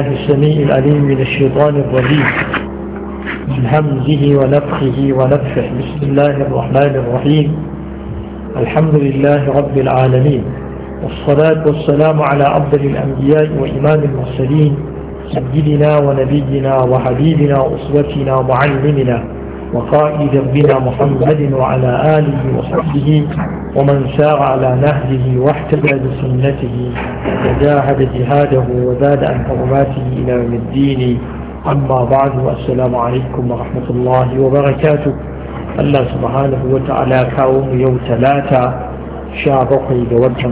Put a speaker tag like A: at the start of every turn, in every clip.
A: الله السميع العليم من الشيطان الرجيم من همزه ونفخه ونفخه بسم الله الرحمن الرحيم الحمد لله رب العالمين والصلاة والسلام على أفضل الأنبياء وإمام المرسلين سيدنا ونبينا وحبيبنا وأسوتنا ومعلمنا وقائدا بنا محمد وعلى آله وصحبه ومن سار على نهجه واحتدى بسنته وجاهد جهاده وزاد عن حرماته إلى يوم الدين أما بعد والسلام عليكم ورحمة الله وبركاته الله سبحانه وتعالى كاوم يوم ثلاثة شابق دوجه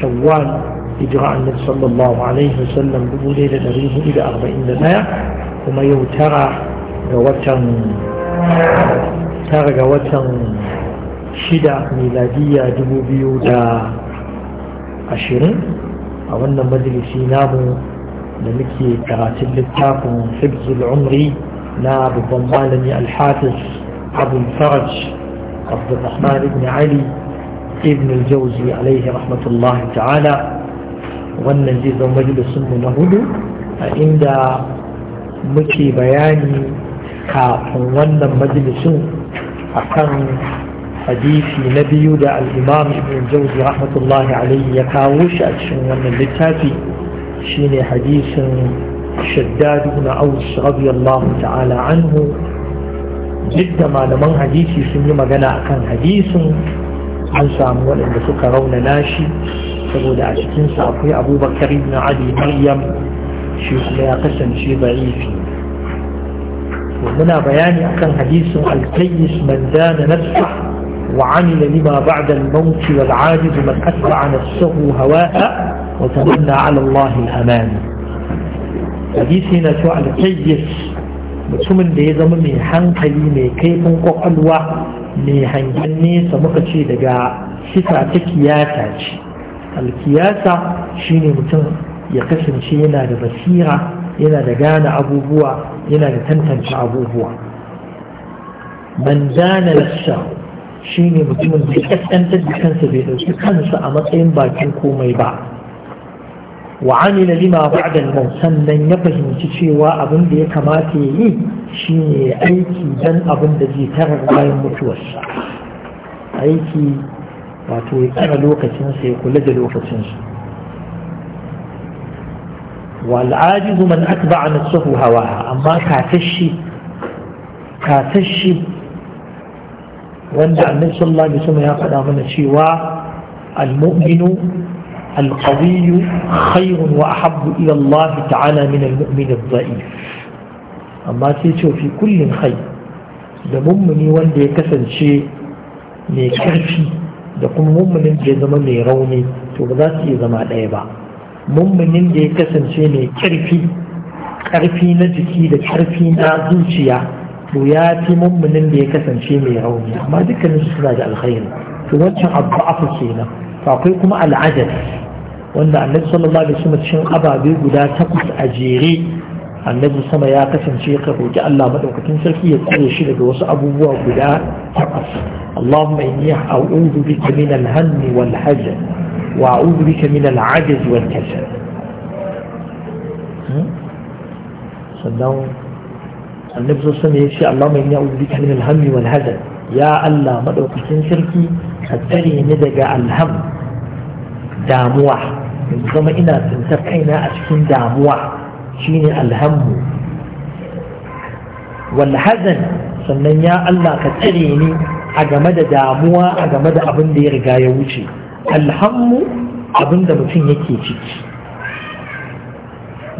A: شوال إجراء النبي صلى الله عليه وسلم بقوله ليلة إلى أربعين لنا وما ترى ga watan tara ga watan shida miladiyya dubu biyu da ashirin a wannan majalisi namu da muke karatun littafin hibzul umri na babban malami alhafiz abul faraj abdulrahman ibn ali ibn aljawzi alaihi rahmatullahi ta'ala wannan zai zama majalisun mu na hudu a inda muke bayani kafin wannan majalisun akan hadisi na biyu da al'imam ibn jauzi rahmatullahi alayhi ya kawo shi a cikin wannan littafi shine hadisin shaddad ibn aus radiyallahu ta'ala anhu duk malaman hadisi sun yi magana akan hadisin an samu waɗanda suka raunana shi saboda a cikinsa akwai abubakar ibn ali maryam shi kuma ya kasance ba'ifi ومنها بيان كان حديث الكيس من دان نفسه وعمل لما بعد الموت والعاجز من أتبع نفسه هواها وتمنى على الله الأمان حديث هنا على الكيس مسومن دي زمن من حنقلي من كيف قلوة من حنجني سمكتش لقاء سفعة كياسة الكياسة شيني متن يقسم شينا لبصيرة yana da gane abubuwa yana da tantance abubuwa man zana nafsa shi ne mutumin da ya tsantar da kansa bai ɗauki kansa a matsayin bakin komai ba wa amila lima ba'da nan sannan ya fahimci cewa abin da ya kamata ya yi shi ne aiki dan abin da zai tara bayan mutuwarsa aiki wato ya tsara lokacinsa ya kula da lokacinsa والعاجز من أتبع نفسه هواها أما كاتشي كاتشي وندع النبي صلى الله عليه وسلم يقول من الشواء المؤمن القوي خير وأحب إلى الله تعالى من المؤمن الضعيف أما تيتو في كل خير da mummuni wanda ya kasance mai ƙarfi da kuma mummunin da ya zama mai rauni to ba za su iya zama ɗaya ba mummunin da ya kasance mai ƙirfi karfi na jiki da karfi na zuciya to ya fi mummunin da ya kasance mai rauni amma dukkanin su suna da alkhairi to wancan abu afu kenan to akwai kuma al'adar wanda annabi sallallahu alaihi wasallam cikin ababe guda takwas a jere annabi sama ya kasance ka roki Allah madaukakin sarki ya tsare shi daga wasu abubuwa guda takwas Allahumma inni a bika min al-hammi wal وأعوذ بك من العجز والكسل sannan annabi sosai ne ya ce Allah mai ya ubi kalmi alhammi wal hazan ya Allah madaukakin sarki ka tsare ni daga alham damuwa in zama ina tsintar kaina a cikin damuwa shine alhammu wal hazan sannan ya Allah ka tsare ni a game da damuwa a game da abin da ya riga ya wuce alhammu abinda mutum yake ciki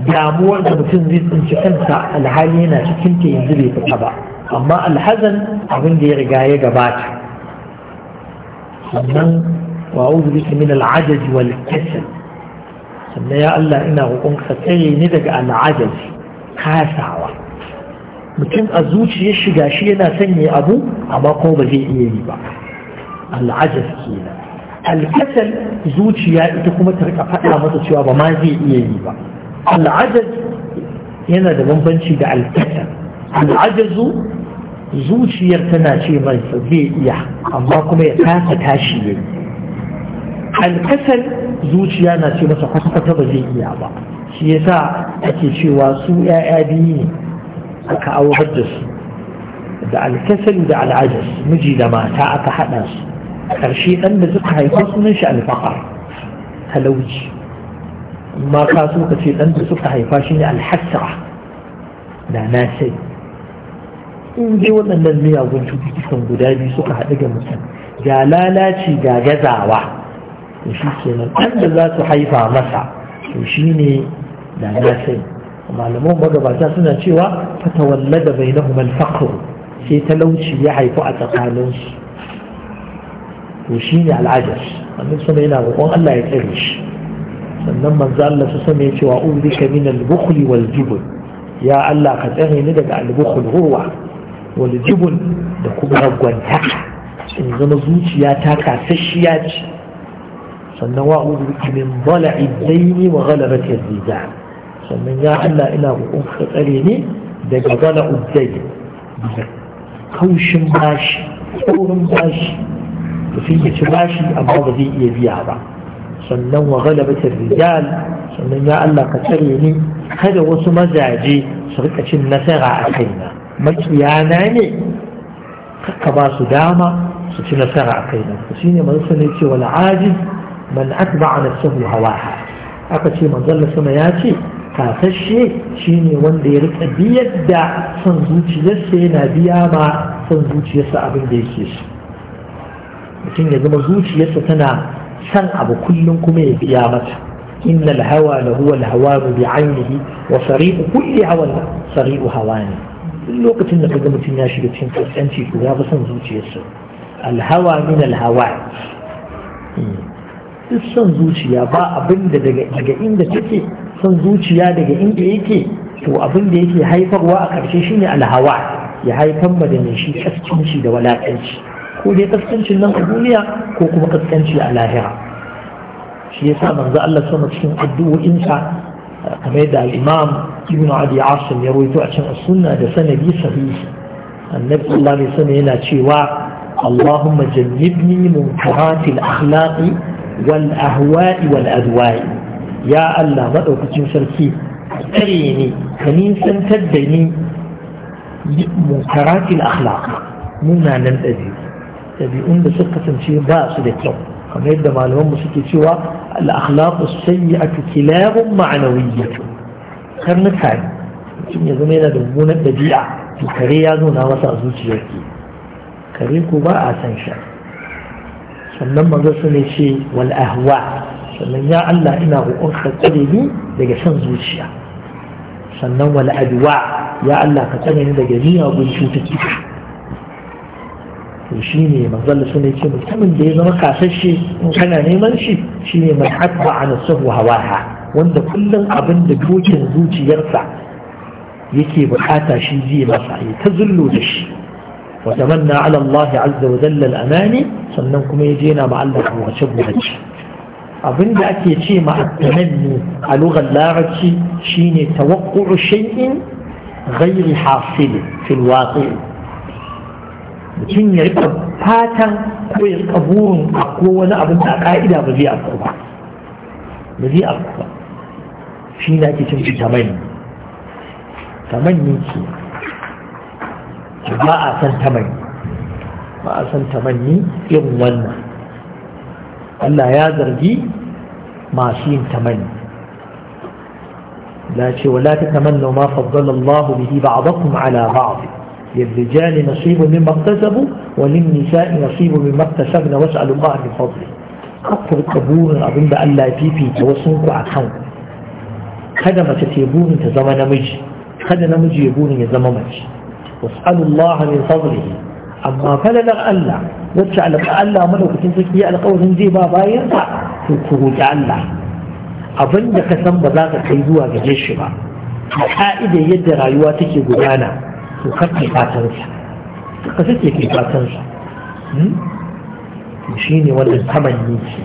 A: damuwar da mutum zai tsinci kansa alhali yana cikin ta yanzu bai fita ba amma alhazan abin da ya riga ya gabata sannan wa auzu bika min al'ajaj wal kasal sannan ya Allah ina roƙon ka tsare ni daga al'ajaj kasawa mutum a zuciyar shiga shi yana sanya abu amma ko ba zai iya yi ba al'ajaj kenan alkasal zuciya ita kuma ta rika faɗa masa cewa ba ma zai iya yi ba al'ajaz yana da bambanci da alkasal
B: al'ajazu
A: zuciyar tana ce masa zai iya amma kuma ya kasa tashi ya yi alkasal zuciya na ce masa kwata ba zai iya ba shi yasa ake cewa su 'ya'ya biyu ne aka aurar da su da alkasal da al'ajas miji da mata aka haɗa su karshe ɗan da suka haifa sunan shi alfakar talauci amma ka so ka ce ɗan da suka haifa shi ne alhassara da na sai in dai waɗannan miyagun cututtukan guda biyu suka haɗu ga mutum ga lalaci ga gazawa to shi kenan ɗan da za su haifa masa to shi ne da na sai malaman magabata suna cewa fatawalla da bai na sai talauci ya haifu a tsakaninsu to shi ne al'ajar annabi sama yana roƙon Allah ya tsare shi sannan manzo Allah su sama ya cewa wa uzika min al-bukhl wal ya Allah ka tsare ni daga al-bukhl hurwa wal da kuma ragwanta in zama zuciya ta kasashiya ce sannan wa uzika min dala'i dayni wa ghalabati az-zizan sannan ya Allah ina roƙon ka tsare ni daga dala'u dayn kaushin bashi saurin bashi mutum ya ci bashi amma ba zai iya biya ba sannan wa galabatar rijal sannan ya Allah ka tsare ni kada wasu mazaje su rika cin nasara a kaina makiyana ne ka ba su dama su ci nasara a kaina shi ne manzo ne ce wal ajiz man atba'a nafsahu hawaha aka ce manzon sama ya ce kasashe shine wanda ya rika biyar da son zuciyarsa yana biya ma son zuciyarsa abin da yake so mutum ya zama zuciyarsa tana san abu kullum kuma ya biya mata inna al-hawa la huwa al-hawa bi 'aynihi wa sari'u kulli hawa sari'u hawani lokacin da kaga mutum ya shiga cikin kaskanci ko ya fi son zuciyarsa alhawa hawa min al hmm. duk son zuciya ba abin da daga inda take son zuciya daga inda yake to abin da yake haifarwa a ƙarshe shine al ya haifar ma da mai shi kaskanci da walakanci ko dai nan a duniya ko kuma kaskanci a lahira shi ya sa manzo Allah sama cikin addu'o'insa kamar da al-Imam Ibn Abi Asim ya rawaito a cikin sunna da sanadi sahihi annabi sallallahu alaihi yana cewa Allahumma jannibni munkarat al-akhlaq wal-ahwa'i wal-adwa'i ya Allah madaukakin sarki kare ni ka nisantar da ni munkarat al-akhlaq munanan ɗabi'u ɗabi'un da suka kasance ba su da kyau kamar yadda malamanmu suke cewa al'akhlaqu sayyi'atu kilabun ma'anawiyyatu karnuka ne mutum ya zama yana da mummunan ɗabi'a to kare ya na masa a zuciyar kare ko ba a san shi sannan maza su ne ce wal ahwa sannan ya Allah ina roƙon tsare ni daga san zuciya sannan wal adwa ya Allah ka tsare ni daga miyagun cututtuka to shi ne manzalla su ne ce mutumin da ya zama kasashe in kana neman shi shi ne mai hatba a nasahu hawaha wanda kullum abin da dokin zuciyarsa yake bukata shi zai masa ya ta zullo da shi wa tamanna ala Allah azza wa jalla al-amani sannan kuma ya je na ma Allah wace gurace abin da ake ce ma at-tamanni a lugar larabci shine tawaqqu'u shay'in ghayri hasil fil waqi' mutum ya rika fatan ko ya rika burin ko wani abin da a ka'ida ba zai afku ba ba zai afku ba shi na ke cin tamanni tamanni ke ba a san tamanni ba a san tamanni irin wannan Allah ya zargi masu yin tamanni لا شيء ولا تتمنوا ما فضل الله به بعضكم على بعض للرجال نصيب مما اكتسبوا وللنساء نصيب مما اكتسبن واسألوا الله من فضله أكثر Allah ya fifita لا فيفي توسنك عن kada mace ta burin ta zama namiji kada namiji ya burin ya zama mace Wasu Allah min fadlihi amma falalar Allah wacce alƙa Allah madaukakin sarki ya alƙawarin zai ba bayan sa to ku roƙi Allah abin da ka san ba za ka kai zuwa gaje shi ba a ka'idar yadda rayuwa take gudana ولا سنة أنت رحمة الله عليه 有可以发生的，可是也可以发生的，嗯，你是因为我能他们一起，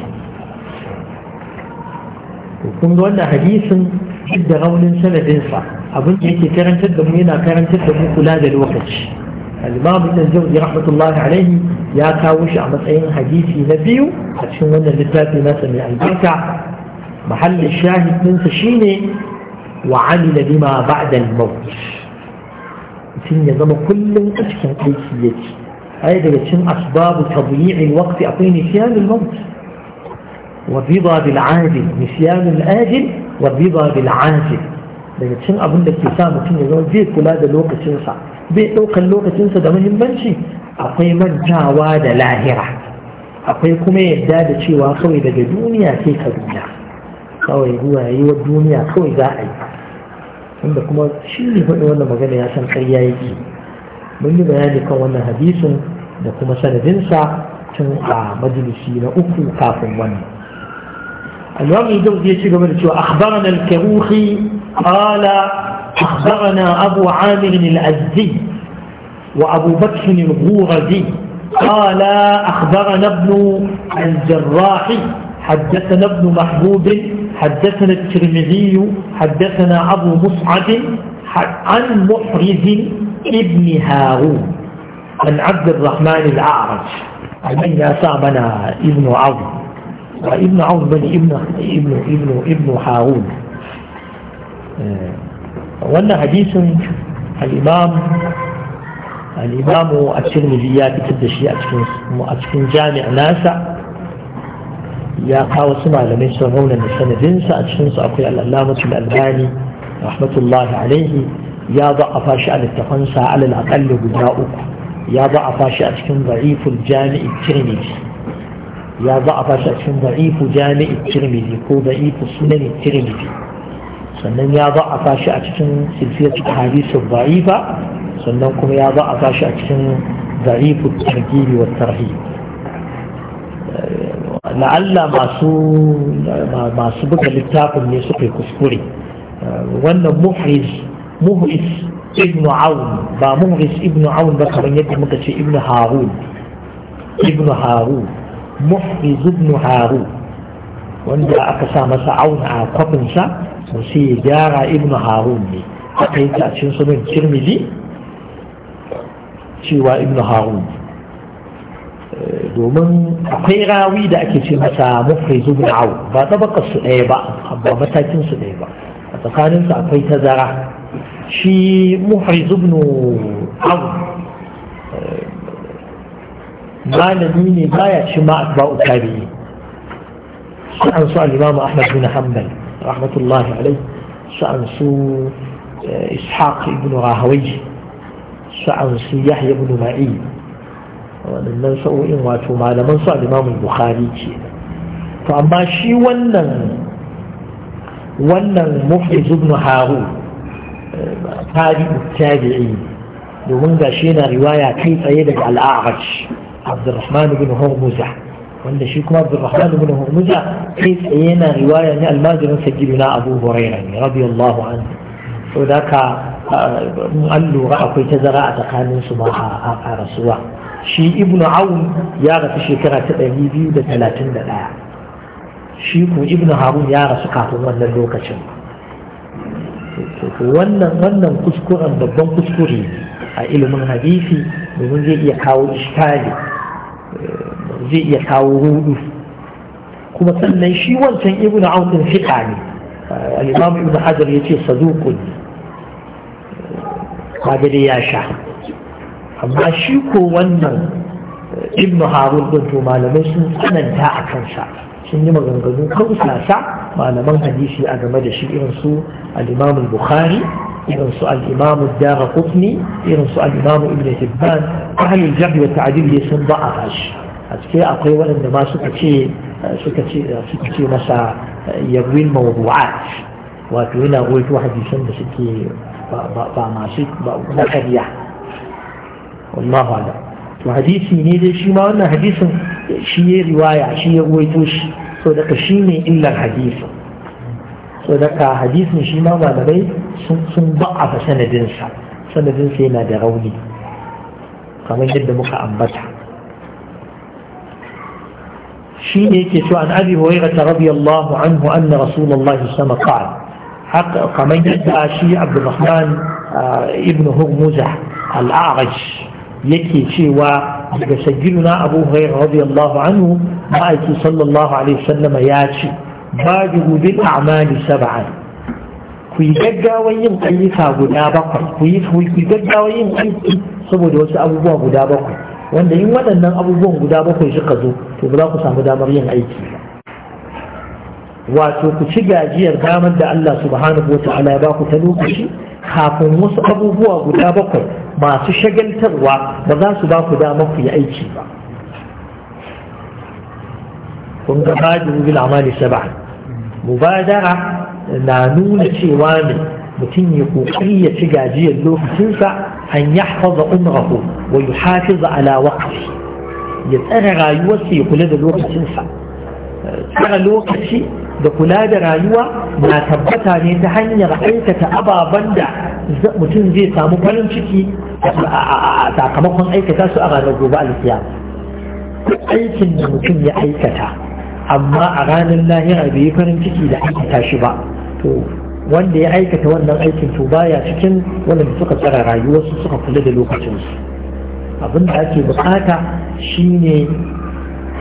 A: 我工作的还医生，是在我们身边认识，啊，不是去看诊的，没那看诊的，没回来的那个时候，你妈不是就是拉拉下来的。يا كاوش عم تعين حديثي نبيو حتشون لنا لذات مثل البركة محل الشاهد من سشيني وعمل بما بعد الموت mutum ya zama kullum a cikin aiki ya yake ai daga cin asbabu tabi'il waqti akwai nisyanul maut والرضا بالعاجل wa الآجل bil بالعاجل daga cin abin da ke sa mutum ya zama zai kula da lokacin sa bai daukan lokacin sa da muhimmanci akwai mantawa da lahira akwai kuma yadda da cewa kawai daga duniya sai ka duniya kawai ruwa yi wa duniya kawai za a yi wanda kuma shi ne faɗi wannan magana ya san ƙarya yake mun yi bayani kan wannan hadisin da kuma sanadinsa tun a majalisi na uku kafin wannan الإمام الجوزي يشير من شو أخبرنا الكروخي قال أخبرنا أبو عامر الأزدي وأبو بكر الغورزي قال أخبرنا ابن الجراح حدثنا ابن محبوب حدثنا الترمذي حدثنا أبو مصعد عن محرز ابن هارون عن عبد الرحمن الأعرج عمين أصابنا ابن عظم وابن عظم بن ابن ابن ابن ابن هارون آه، وأن حديث الإمام الإمام الترمذي يكتب شيء أتكن جامع ناسا ya kawo su malamai sun rauna da sanadinsa a cikinsu akwai al'allamatul albani rahmatullahi alaihi ya ba a fashi a littafansa alal aƙalli guda uku ya ba a fashi a cikin za'iful jami'i tirmidhi ya ba a fashi a cikin za'ifu jami'i tirmidhi ko za'ifu sunan tirmidhi sannan ya ba a fashi a cikin silsilatu hadisu za'ifa sannan kuma ya ba a fashi a cikin za'ifu tarhibi wa tarhib la'alla masu buga littafin ne suka yi kuskure wannan muhriz ibnu aun ba muhriz ibnu aun ba kamar yadda muka ce ibnu harun ibnu harun muhriz ibnu harun wanda aka sa masa aun a kwafinsa to sai ya gyara ibnu harun ne aka yi tashin sunan kirmidi cewa ibnu harun domin akwai rawi da ake ce masa mufri zubin awu ba baka su ɗaya ba ba matakin su ɗaya ba a tsakanin su akwai tazara shi mufri zubin awu malami ne baya ci ma a ba'u tabi'i an su al'imamu ahmad bin hanbal rahmatullahi alai an su ishaq ibn rahawai an su yahya ibn ma'in waɗannan sa'o'in wato malaman su alimamun bukhari ce to amma shi wannan wannan muflis ibn haru tabi'u tabi'i domin ga shi yana riwaya kai tsaye daga al'a'raj abdurrahman ibn hormuza wanda shi kuma abdurrahman ibn hormuza kai tsaye yana riwaya ne almajirin sajiduna abu huraira ne radiyallahu anhu saboda haka an lura akwai tazara a tsakaninsu ma a rasuwa shi ibn aun ya rasu shekara ta 231 shi ku ibn harun ya rasu kafin wannan lokacin wannan wannan kuskuren babban kuskure a ilimin hadisi domin zai iya kawo iskali zai iya kawo rudu kuma sannan shi wancan ibn aun din fiqa ne al-imam ibn hajar yace saduqun kaga ya sha amma shi ko wannan eh, ibn harun din to malamai sun tsananta a kansa sun yi maganganu kausasa malaman hadisi a game da shi irin su al-imam bukhari irin su al-imam dara Kufni irin su al-imam ibn hibban ahlul jahl wa ta'dil ne sun a shi a cikin akwai waɗanda ma suka ce eh, suka ce eh, suka ce masa yawin mawdu'at wato yana goyi hadisan da suke ba masu ba na ƙarya والله أعلم وحديث من هذا الشيء ما أنه حديث شيء رواية شيء ويتوش صدق شيء من إلا الحديث صدق حديث من شيء ما ما نبي سنضعف سنة دنسة سنة دنسة ما دغوني كما يجب مكا أنبتها شيء يكتو عن أبي هريرة رضي الله عنه أن رسول الله صلى قال حق كما يجب عبد الرحمن آه، ابن هرمزة الأعرج yake cewa daga sagiruna abu hurairah radiyallahu anhu ma'aiki sallallahu alaihi sallama ya ce babu bil a'mali sab'an ku yi gaggawan yin ayyuka guda bakwai ku yi gaggawan yin aiki saboda wasu abubuwa guda bakwai wanda yin waɗannan abubuwan guda bakwai suka zo to ba za ku samu damar yin aiki ba wato ku ci gajiyar damar da Allah subhanahu wa ta'ala ba ku ta lokaci kafin wasu abubuwa guda bakwai masu shagaltarwa ba za su ba ku damar ku yi aiki ba kun ga bajin bil amali sab'a mubadara na nuna cewa ne mutum ya kokari ya ci gajiyar lokacinsa an yahfaza umrahu wa yuhafiza ala waqti ya tsara rayuwarsa ya kula da lokacinsa tsara lokaci da kula da rayuwa na tabbata ne ta hanyar aikata ababen da mutum zai samu farin ciki a sakamakon aikata su a ranar gobe alkiya aikin da mutum ya aikata amma a ranar lahira bai yi farin ciki da aikata shi ba to wanda ya aikata wannan aikin to baya cikin wanda suka tsara rayuwarsu suka kula da lokacinsu abin da ake bukata shine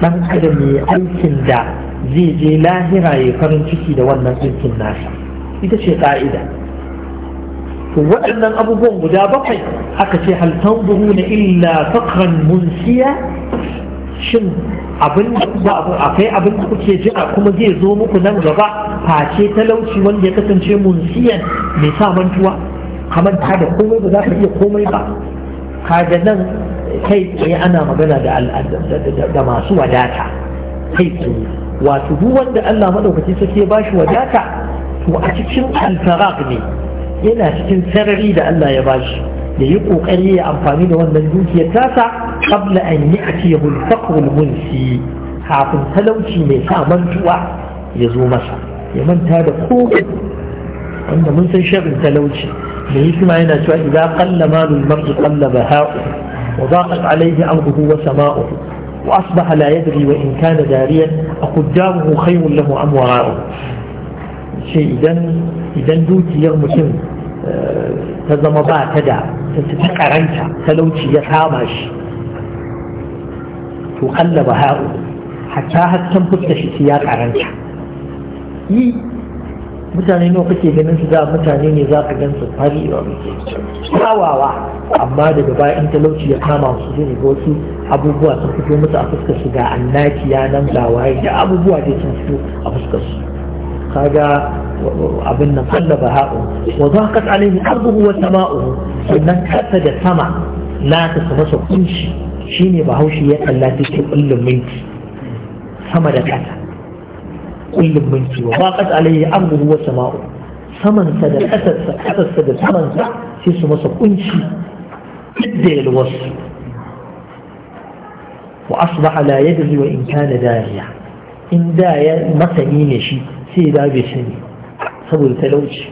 A: dan adam mai aikin da zai je lahira ya farin ciki da wannan aikin nasa ita ce ƙa'ida to waɗannan abubuwan guda bakwai aka ce hal tanzuru na illa fakran munsiya shin abin akwai abin da kuke jira kuma zai zo muku nan gaba face talauci wanda ya kasance munsiyan mai sa mantuwa kamar ta da komai ba za ka iya komai ba kaga nan kai tsaye ana magana da masu wadata kai tsaye wato duk wanda Allah madaukaki sake ba bashi wadata to a cikin alfaraq ne yana cikin sarari da Allah ya bashi da yi ƙoƙari ya amfani da wannan dukiyar tasa qabla an yi a faqr al-munsi kafin talauci mai sa mantuwa ya zo masa ya manta da komai wanda mun san sharrin talauci mai hikima yana cewa idan kalla malul mar'i qalla baha'u wa daqat alayhi arduhu wa sama'uhu وأصبح لا يدري وإن كان داريا أقدامه خير له أم وراءه شيء إذن إذن دوتي يغمسن آه، تزم تدع تدع عنك تلوتي يتامش تقلب هؤلاء حتى هتنفت تشتيات عرنت إيه mutane nawa kake ganin su da mutane ne za ka gansu fari ba kawawa amma daga baya in talauci ya kama su zai ga wasu abubuwa sun fito musu a fuskar su ga annaki ya nan ga waye da abubuwa da sun fito a fuskar su kaga abin nan Kalla kallaba ha'u wa zaqat alayhi arduhu wa sama'uhu sannan kasa da sama la ta masa kunshi shine bahaushe ya kalla take kullum minti sama da kasa kullum mulki wa ba qad alayhi amru wa sama'u saman sa da kasarsa kasarsa da saman sa sai su masa kunci ya yalwarsu wa asbaha la yadri wa in kana dariya in da ya masani ne shi sai da bai sani saboda talauci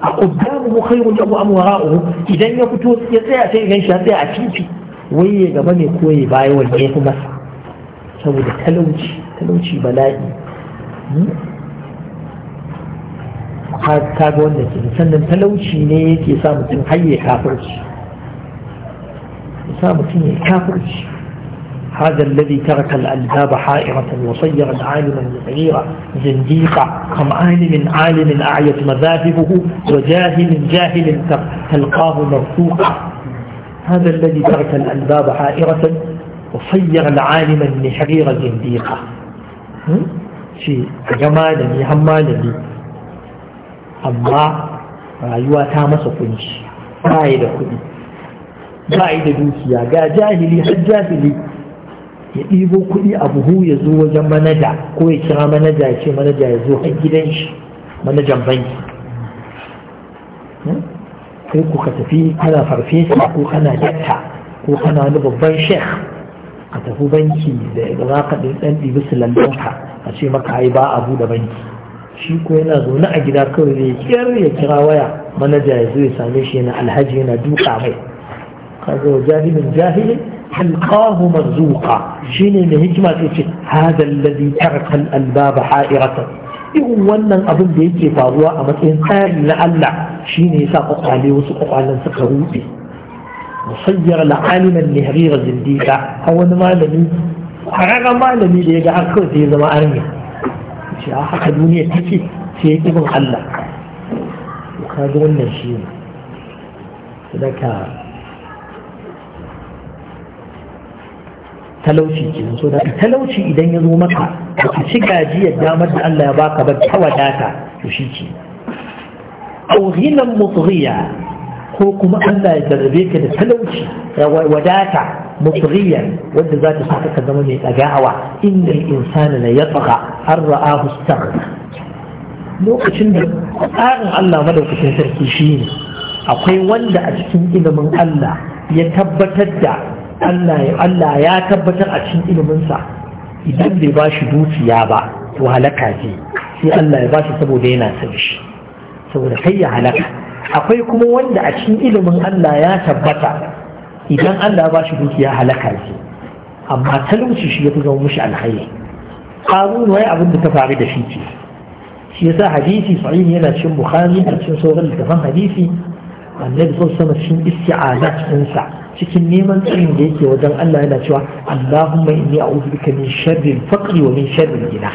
A: a quddamu khairun lahu am wara'uhu idan ya fito ya tsaya sai gan shi tsaya a titi waye gaba ne ko ya baya wanda ya fi masa saboda talauci talauci bala'i Hmm? ka ga wanda ke sannan talauci ne yake sa mutum hayye kafirci sa mutum ya kafirci هذا الذي ترك الألباب حائرة وصير العالم صغيرا زنديقا كم عالم عالم أعيت مذاهبه وجاهل جاهل تلقاه مرفوقا هذا الذي ترك الألباب حائرة وصير العالم النحرير زنديقا ce ga malami har malami amma rayuwa ta masa kunci ba yi da kuɗi ba yi da dukiya ga jahili har jahili ya ɗibo kuɗi a buhu ya zo wajen manaja ko ya kira manaja ya ce manaja ya zo har gidan shi manajan banki kai hmm? ku ka tafi kana farfesa ko kana datta ko kana wani babban shek. ka tafi banki da za ka ɗan ɗibi silallanka a ce maka ai ba a buɗe banki shi ko yana zaune a gida kawai ne kiyar ya kira waya manaja ya zo ya same shi yana alhaji yana duka mai kaga wa jahilin jahilin halqahu marzuqa shine mai hikima sai ce hadha alladhi taraka al ha'iratan irin wannan abin da yake faruwa a matsayin tsari na Allah shine yasa kwakwale wasu kwakwalen suka rube musayyar la'aliman ne harirar zindiƙa a wani malami ƙwararren malami da ya ga harkar sai ya zama arni ce a haka duniya take sai ya ƙi bin Allah ka ga wannan shi ne sadaka talauci ke so da talauci idan ya zo maka ba ka ci gajiyar damar da Allah ya baka ba ta wadata to shi ke auhinan mutriya ko kuma Allah ya jarrabe ka da talauci wadata muturiya wanda za ta saka ka zama mai tsagawa inda insana na ya tsaka an ra'ahu lokacin da tsarin Allah madaukakin sarki shi ne akwai wanda a cikin ilimin Allah ya tabbatar da Allah ya tabbatar a cikin iliminsa idan bai ba shi dukiya ba to halaka ce sai Allah ya ba shi saboda yana son shi saboda kai ya halaka akwai kuma wanda a cikin ilimin Allah ya tabbata idan Allah ba shi dukiya halaka shi, amma talauci shi ya fi zama mushi alhayi ƙarun wai abin da ta faru da shi ce shi yasa hadisi sahih yana cikin bukhari a cikin sauran littafan hadisi annabi sun sama cikin isti'azat ɗinsa cikin neman tsarin da yake wajen Allah yana cewa Allahumma inni a'udhu bika min sharri al-faqri wa min sharri al-ghina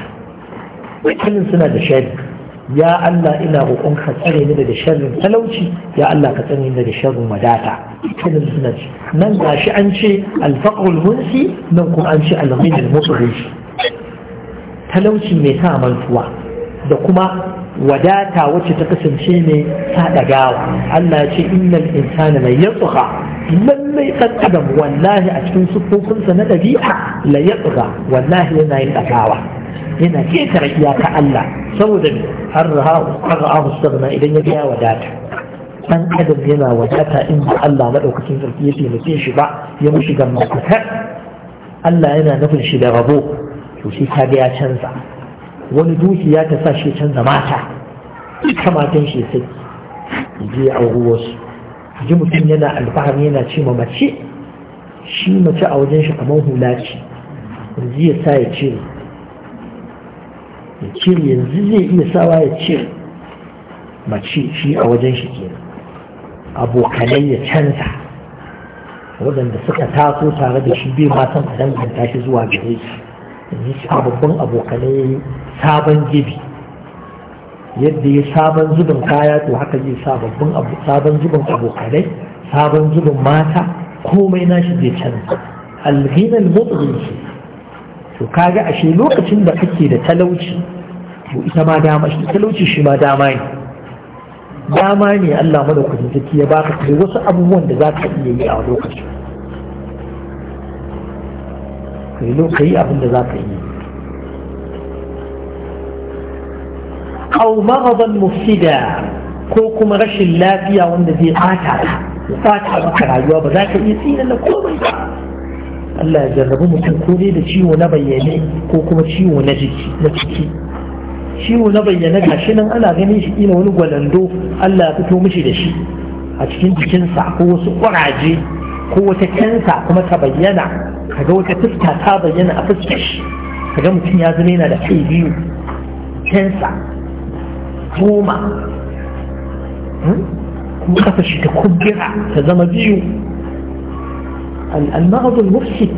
A: suna da sharri ya Allah ina roƙon ka tsare ni da sharrin talauci ya Allah ka tsare ni da sharrin wadata kana suna nan gashi an ce alfaqul munsi nan kuma an ce al-ghin talauci mai sa mantuwa da kuma wadata wacce ta kasance ne sa dagawa Allah ya ce innal insana la yatgha lallai dan wallahi a cikin sufofinsa na dabi'a la yatgha wallahi yana yin dagawa yana ketare iyaka Allah saboda ne har ra'ahu sabna idan ya biya wadata dan adam yana wadata in ba Allah madaukakin sarki ya taimake shi ba ya mushi ga makutar Allah yana nufin shi da rabo to shi ka ga ya canza wani dukiya ta sa shi canza mata ita matan shi sai je a wasu ji mutum yana alfahari yana ce ma mace shi mace a wajen shi kamar hula ce yanzu ya sa ya ce cire yanzu zai iya sawa ya cire mace shi a wajen shi ke. abokanai ya canza waɗanda suka taso tare da shi bai ma san a danganta shi zuwa gare shi yanzu sababbin abokanai sabon gibi yadda ya sabon zubin kaya to haka zai sabon zubin abokanai sabon zubin mata komai nashi zai canza alghinan mutsi to kaga ashe lokacin da kake da talauci to ita ma dama shi talauci shi ma dama ne dama ne Allah madaukakin sarki ya baka kai wasu abubuwan da za ka iya yi a lokacin kai lokaci abin da za ka yi aw maradan mufsida ko kuma rashin lafiya wanda zai ɓata ya ɓata maka rayuwa ba za ka iya tsina na komai ba Allah ya jarrabu mutum ko dai da ciwo na bayyane ko kuma ciwo na jiki na ciki ciwo na bayyana gashi nan ana ganin shi ina wani gwalando Allah ya fito mishi da shi a cikin jikinsa ko wasu ƙuraje ko wata kansa kuma ta bayyana kaga wata fuska ta bayyana a fuskar shi kaga mutum ya zama yana da kai biyu kansa goma hmm? kuma kafa shi ta kubbira ta zama biyu al-maghadul mufsid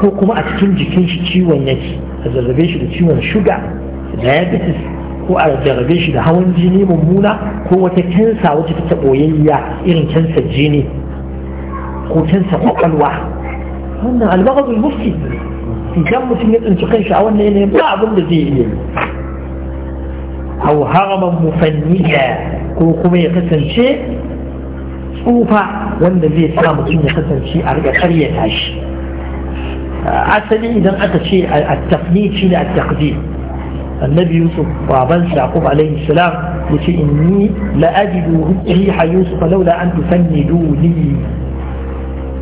A: ko kuma a cikin jikin shi ciwon yake a zarrabe shi da ciwon shuga diabetes ko a jarabe shi da hawan jini mummuna ko wata kansa wacce ta boyayya irin kansa jini ko kansa kwakwalwa wannan albaghadul mufti idan mutum ya tsinci kan a wannan yanayin ba abin da zai iya aw haraman mufanniya ko kuma ya kasance tsufa wanda zai sa mutum ya kasance a riga karyata shi asali idan aka ce a tafnici da a takdir annabi yusuf baban shaqub alaihi salam yace inni la ajidu riha yusuf laula an tusanniduni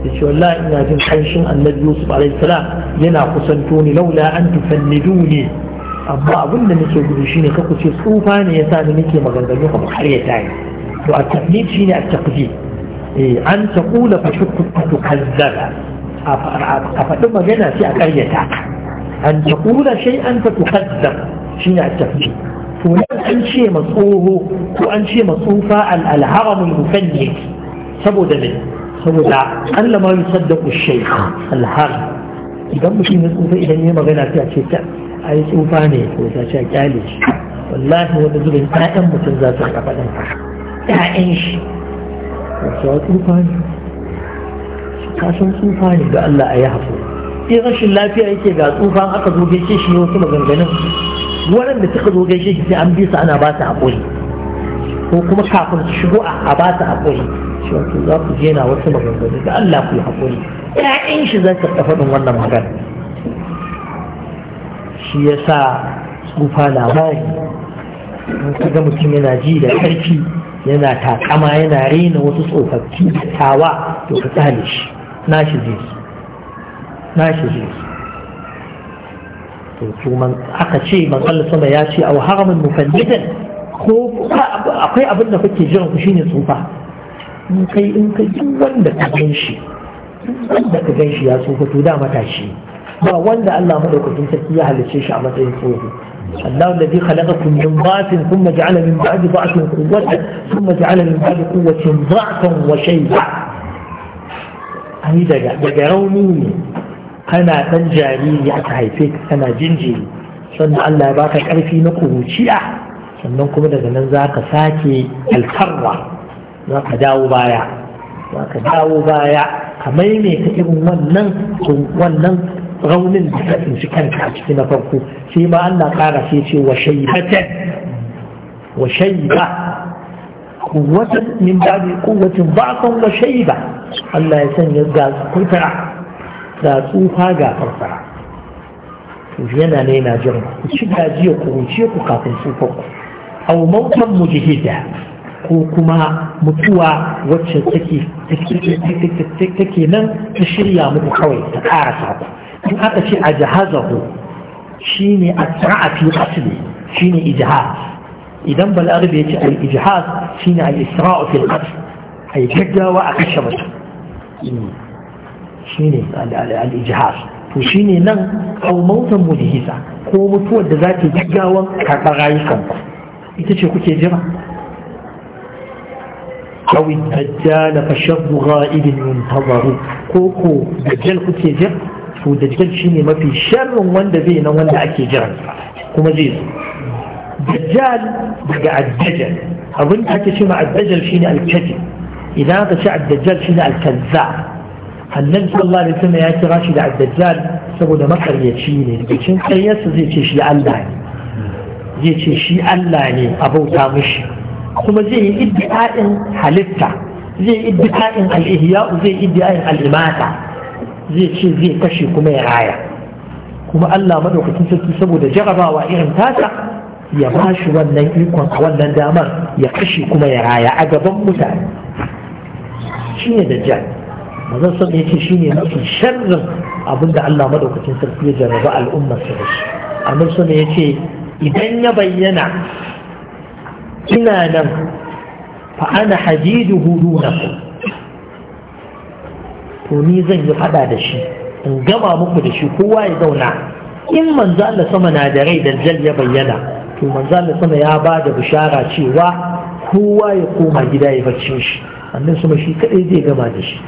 A: yace wallahi ina jin kanshin annabi yusuf alaihi salam yana kusanto ni laula an tusanniduni amma abin da nake gudu shine ka ku ce tsufa ne yasa ni nake maganganu kamar har ya tayi to a tafnid shine a taqdim eh an taqula fa shukku tukazzaba a faɗi magana sai a ƙaryata an taqula shay'an fa tukazzaba shine at-tafsir to nan an ce ma tsoho ko an ce ma tsofa al-haramul mufanni saboda ne saboda Allah ma yusaddaqu shaykh al-haram idan mutum ya tsufa idan ya magana sai a ce ta a yi tsofa ne ko ta ce kyale shi wallahi wanda zubin ƴaƴan mutum za su rika kafa ɗan ƴaƴan shi wasu tsofa ne ka san tsofa ne ga Allah a yi haƙuri in rashin lafiya yake ga tsufa aka zo gaishe shi wasu maganganun da suka zo gaishe shi sai an bi su ana ba su haƙuri ko kuma kafin su shigo a ba su haƙuri shi wato za ku je na wasu maganganu da Allah ku yi haƙuri ƴaƴan shi za su faɗin wannan magana shi ya sa tsufa labari in ka ga mutum yana ji da ƙarfi yana takama yana rena wasu tsofaffi da tawa to ka tsale shi na shi zai ما يجوز ومن عقد شيء من قلت ما ياشي أو هغم المفلدة خوف أقيا أبنى فتى جرم شيني صوبة كي كي يوان دك جنشي يوان دك جنشي يا صوبة تودا ما تاشي ما وان دا الله ملك تنسك يا هل الشيش عمد أي صوبة الله الذي خلقكم من ضعف ثم جعل من بعد ضعف قوة ثم جعل من بعد قوة ضعفا وشيبا هيدا جا جا جا kana ɗan jariri aka haife kana jinjiri sannan Allah ya baka ƙarfi na kuruciya sannan kuma daga nan za ka sake alkarwa za ka dawo baya za ka dawo baya ka maimaita irin wannan wannan raunin da ka tsinci kanka a ciki na farko sai ma Allah ƙara sai ce wa shaibatan wa shaiba kuwatan min babu kuwatin ba'kan wa shaiba Allah ya sanya ga kutara ga tsufa ga farfara yana ne na jiran ku ci gajiya ku wuce ku kafin tsufa ku au mautan mujhida ko kuma mutuwa wacce take nan ta shirya muku kawai ta karasa ku in aka ce a jahazahu shine a tsara fi shi ne ijhaz idan balarabe ya ce al ijhaz shine al isra'afi fil a yi gaggawa a kashe mutum shine al-ijhar to shine nan aw mautan mujhisa ko mutuwar da za ta gaggawan karɓar rayukanku ita ce kuke jira أو الدجال فشر غائب ينتظر كوكو دجال كوكي جر ودجال شيني ما في شر وند بينا وند أكي جر كما جيز دجال بقى الدجل أظن أكي شما الدجل شيني الكذب إذا هذا شاء الدجال شيني الكذاب annabi sallallahu alaihi wasallam ya kira shi da addajjal saboda makaryaci ne da cikin karyarsa zai ce shi Allah ne zai ce shi Allah ne a bauta mishi kuma zai yi iddi'a'in halitta zai yi iddi'a'in al-ihya'u zai yi iddi'a'in al-imata zai ce zai kashe kuma ya raya kuma Allah madaukakin sarki saboda jarabawa irin tasa ya ba shi wannan ikon a wannan damar ya kashe kuma ya raya a gaban mutane shi ne dajjal manzon sun ya ce shine mafi sharrin abinda Allah madaukakin sarki ya jarraba al'ummar su da shi amma sun ya ce idan ya bayyana ina nan fa ana hadiduhu dunakum to ni zan yi fada da shi in gama muku da shi kowa ya zauna in manzo Allah sama na da rai jal ya bayyana to manzo Allah sama ya ba da bishara cewa kowa ya koma gida ya bacci shi annan sama shi kadai zai gama da shi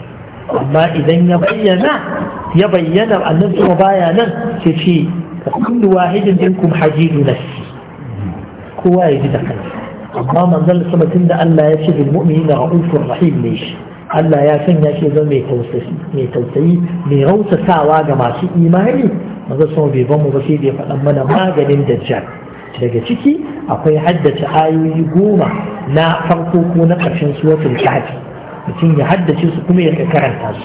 A: amma idan ya bayyana ya bayyana annabi kuma baya nan sai ce kullu wahidin minkum hajidu nafsi kowa ya ji da kansa amma manzon sama da Allah ya ce bil mu'minina ra'ufur rahim ne shi Allah ya sanya shi zan mai tausayi mai tausayi mai ga masu imani manzon sama bai mu ba sai da ya faɗa mana maganin dajjal daga ciki akwai haddace ayoyi goma na farko ko na ƙarshen suratul kahfi mutum ya haddace su kuma ya karanta su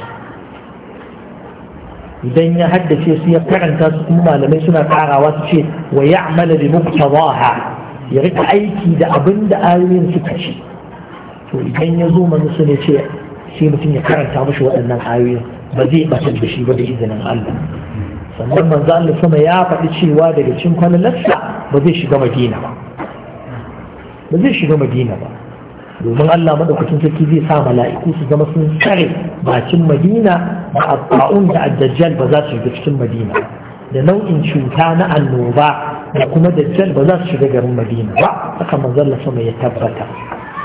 A: idan ya haddace su ya karanta su kuma malamai suna karawa su ce wa ya'mala bi muqtadaha ya rika aiki da abin da ayoyin suka ce to idan ya zo manzo su ne ce sai mutum ya karanta mashi waɗannan ayoyin ba zai ɓatar da shi ba da izinin Allah sannan manzo Allah sama ya faɗi cewa daga cikin kwanalarsa ba zai shiga madina ba ba zai shiga madina ba domin Allah madaukakin sarki zai sa mala'iku su zama sun tsare bakin Madina da abba'un da addajjal ba za su shiga cikin Madina da nau'in cuta na annoba da kuma dajjal ba za su shiga garin Madina ba aka manzon sama ya tabbata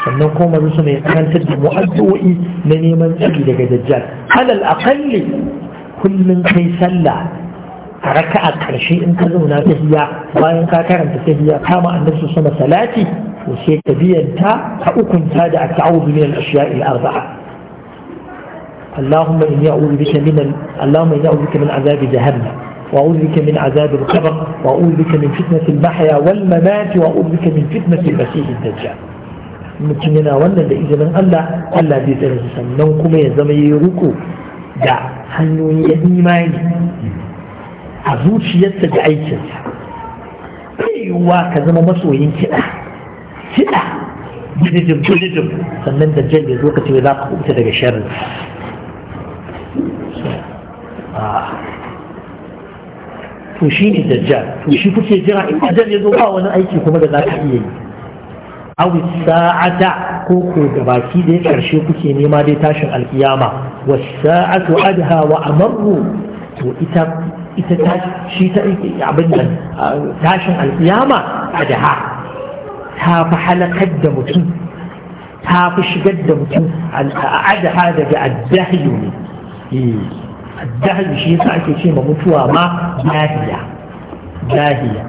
A: sannan kuma manzon sama ya karantar da mu'addu'i na neman tsari daga dajjal alal aqalli kullun kai sallah a raka a ƙarshe in ka zauna ta hiya bayan ka karanta ta hiya kama annabi sama salati to sai ka biyanta ta ukunta da at-ta'awudu min al-ashiya'i al-arba'a اللهم إني أعوذ بك wa اللهم إني أعوذ بك من عذاب جهنم وأعوذ بك من عذاب القبر وأعوذ بك من wa المحيا والممات وأعوذ بك من فتنة المسيح الدجال mutum yana wannan da izinin Allah Allah zai tsare sannan kuma ya zama yayi ruku da hanyoyi ya imani a zuciyarsa da aikinsa yiwuwa ka zama masoyin kiɗa kiɗa jirgin jirgin sannan da Jan ya zo ka ce za ka kubuta daga sharrin ah. to shi ne dajjal to shi kuke jira in dajjal ya zo ba wani aiki kuma da za ka iya yi awi sa'ata ko ko da baki da karshe kuke nema dai tashin alkiyama was sa'atu adha wa amaru to ita ita ta shi ta abin nan tashin alkiyama a daha ta fi halakar da mutum ta fi shigar da mutum a daha daga addahiyu ne addahiyu shi yasa ake ce ma mutuwa ma jahiya jahiya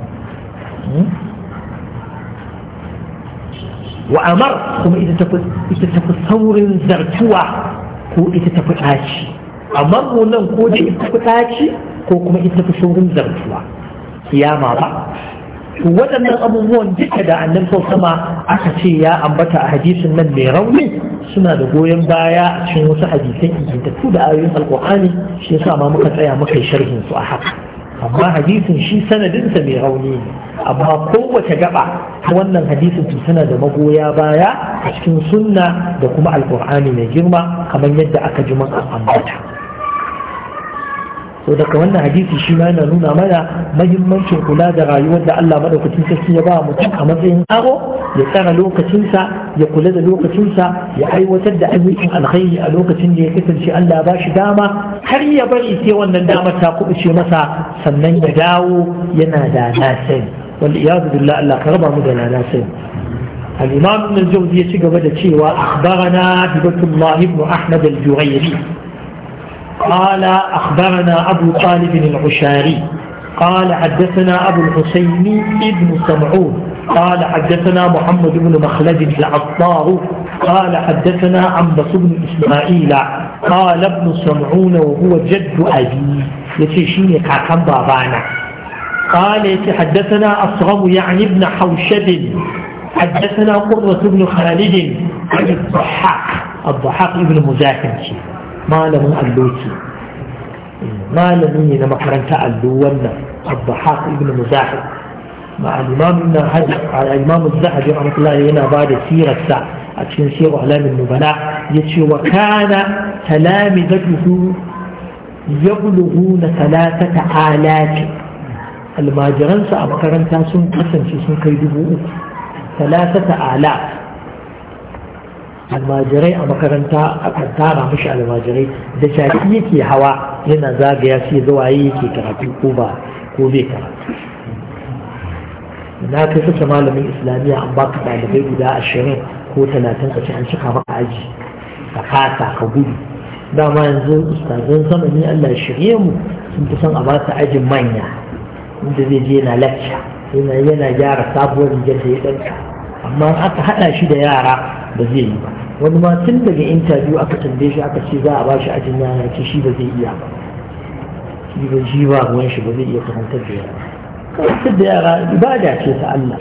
A: wa amar kuma ita tafi saurin zartuwa ko ita tafi ɗaci amma nan ko da ita fi ɗaci ko kuma ita fi saurin zartuwa kiyama ba waɗannan abubuwan duka da annan sama aka ce ya ambata a hadisin nan mai rauni suna da goyon baya a cikin wasu hadisan ingantattu da ayoyin alkur'ani shi yasa ma muka tsaya muka yi sharhin su a haka amma hadisin shi sanadinsa mai rauni ne amma kowace gaba ta wannan hadisin to da magoya baya a cikin sunna da kuma alkur'ani mai girma kamar yadda aka ji an ambata to daga wannan hadisi shi ma yana nuna mana mahimmancin kula da rayuwar da Allah madaukakin sarki ya ba mutum a matsayin aro ya tsara lokacinsa ya kula da lokacinsa ya aiwatar da ayyukan alkhairi a lokacin da ya kasance Allah ba shi dama har ya bari sai wannan damar ta kubuce masa sannan ya dawo yana da nasani wal iyadu billah Allah ka raba mu da nasani الإمام ابن الجوزي يشجع بدأ شيء وأخبرنا هبة الله بن أحمد الجريري قال أخبرنا أبو طالب العشاري قال حدثنا أبو الحسين ابن سمعون قال حدثنا محمد بن مخلد العطار قال حدثنا عنبس بن إسماعيل قال ابن سمعون وهو جد أبي يتشيني كاكم بابانا قال يتحدثنا أصغم يعني ابن حوشد حدثنا قرة بن خالد عن الضحاك الضحاك ابن مزاحم malamin allo ce malami ne na makaranta allo wannan abdahaq ibn muzahid مع الإمام ابن حجر الإمام الزهدي رحمة الله هنا بعد سيرة سعد أتشين سيرة أعلام النبلاء يتشي وكان تلامذته يبلغون ثلاثة آلاف الماجران سأبقرن تاسون قسم سيسون كيدبوء ثلاثة آلاف almajirai a makaranta a tara mashi almajirai da shafi yake hawa yana zagaya sai zuwa yi yake karatu ko ba ko bai karatu na kai suka malamin islamiyya an baka ɗalibai guda ashirin ko talatin a ce an cika maka aji ka kasa ka gudu dama yanzu ustazan zamani allah shirye mu sun fi son a bata ajin manya inda zai je yana lacca yana gyara sabuwar rigar da ya ɗanka amma aka haɗa shi da yara ba zai yi ba wani ma tun daga interview aka tambaye shi aka ce za a ba shi ajin yana ce shi ba zai iya ba shi ba shi ba ruwan shi ba zai iya karantar da yara karantar da yara ibada ce ta Allah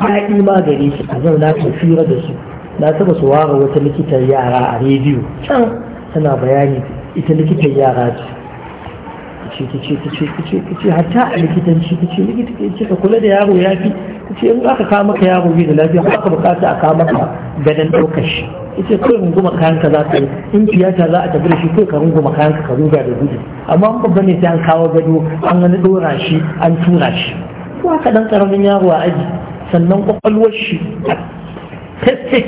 A: Ta yi ma gare shi a zauna ka fira da su na taba su ware wata likitar yara a rediyo can tana bayani ita likitar yara ce ce ta ce ta ce ta ce ta ce hatta a likitanci ta ce likita ya ce ka kula da yaro ya fi ta ce in aka kama ka yaro bai da lafiya ko ka bukata a kama ka ganin ɗaukar shi ita ce kawai runguma kayanka za ka yi in tiyata za a tafi da shi kawai ka runguma kayanka ka ruga da gudu amma an babba ne sai an kawo gado an wani ɗora shi an tura shi ko aka ɗan ƙaramin yaro a aji sannan ƙwaƙwalwar shi ce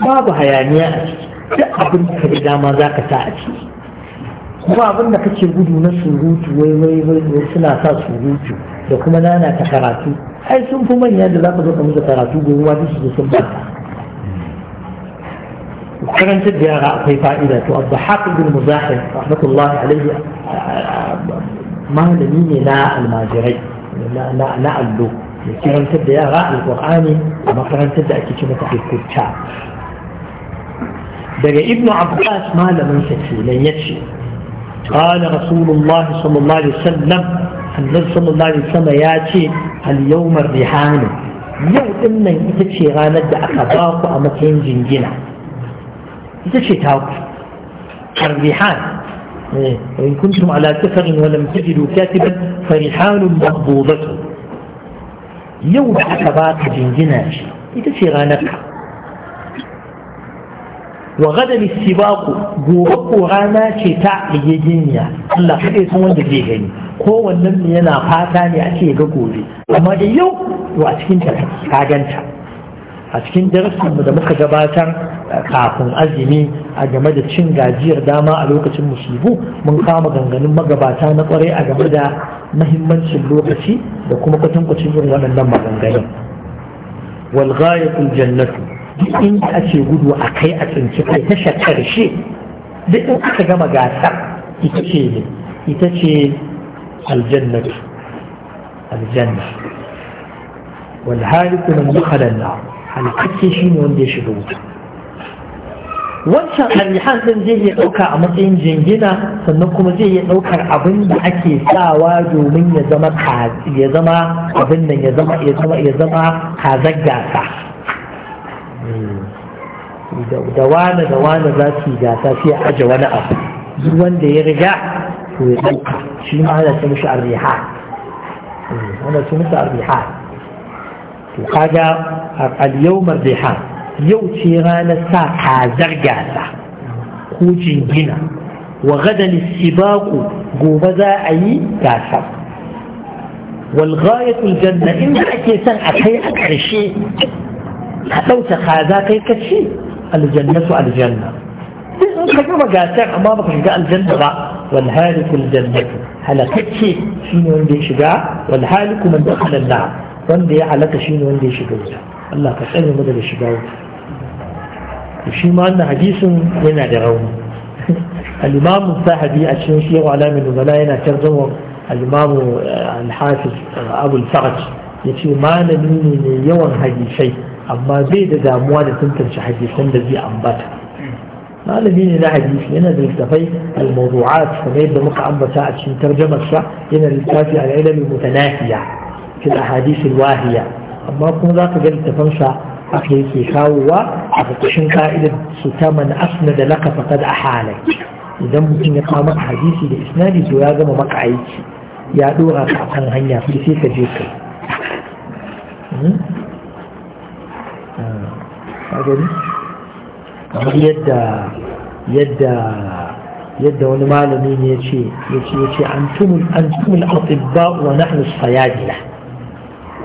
A: babu hayaniya a ciki duk abin da ka dama za ka sa a ciki kuma abin da kake gudu na surutu wai wai wai suna sa surutu da kuma nana ta karatu ai sun fi manya da za ka zo ka musu karatu gobe ma su sun ba karantar da yara akwai fa'ida to abu haƙi bin muzahir rahmatullahi alaihi malami ne na almajirai na allo da karantar da yara alƙur'ani a makarantar da ake ce mata alkuta daga ibnu abbas malamin sa kenan ya ce قال رسول الله صلى الله عليه وسلم النبي صلى الله عليه وسلم ياتي اليوم الرحان يوم من يتشي غانت دا أمتين جنجنة يتشي تاوك الرحان إيه. وإن كنتم على سفر ولم تجدوا كاتبا فرحان مقبوضة يوم أخباك جنجنة يتشي غانتها wa ba istibaku gobe ko rana ce ta ligegeniya Allah kaɗai san wanda zai gani ko wannan ne yana fata ne a ce ga gobe amma da yau to a cikin ta ka ganta a cikin darasin da muka gabatar eh, kafin azumi a game da cin gajiyar dama a lokacin musibu mun kama ganganin magabata na kwarai a game da mahimmancin lokaci da kuma kwatankwacin irin waɗannan maganganun والغاية الجنة duk inda ake gudu a kai a tsinci kai ta shakar shi duk in aka gama gasar ita ce ne ita ce aljannatu aljanna wal haliku shine wanda ya shiga wuta wancan alrihan din zai iya ɗauka a matsayin jingina sannan kuma zai iya ɗaukar abin da ake sawa domin ya zama ya zama abin nan ya zama ya zama ya zama kazar gasa da wane da wane za su yi gasa fiye a wani abu duk wanda ya riga to ya ɗauka shi ma ana ce mishi arriha ana ce mishi arriha to kaga al-yawm yau ce ranar sa kazar gasa ko jingina wa gadan istibaku gobe za a yi gasa wal ghayatul janna inda ake son a kai a ƙarshe لو تخاذاك يكتشي الجنة الجنة كما قالت أمامك الجنة والهالك الجنة هل كتشي شين وندي شقاء والهالك من دخل النار وندي على شين وندي شقاء الله تسأل مدى الشقاء وشي ما أن حديث لنا لغوم الإمام الزاهدي الشنشي وعلى من الملاينا ترجمه الإمام الحافظ أبو الفرج يقول ما نميني يوم هذه الشيء amma zai da damuwa da tantance hadisan da zai ambata malami ne na hadisi yana da littafai al-mawdu'at kamar yadda muka ambata a cikin tarjamar sa yana da littafi al-ilm al-mutanahiya fi al-ahadith al-wahiya amma kuma zaka ga littafan sa aka yake kawowa a ƙarƙashin ka'idar su ta man asna da laka faqad ahala idan mutum ya kawo maka hadisi da isnadi to ya gama maka aiki ya dora ka kan hanya sai ka je kai gani kamar yadda yadda yadda wani malami ne ya ce ya ce ya an tumul an tumul atibba wa nahnu sayadila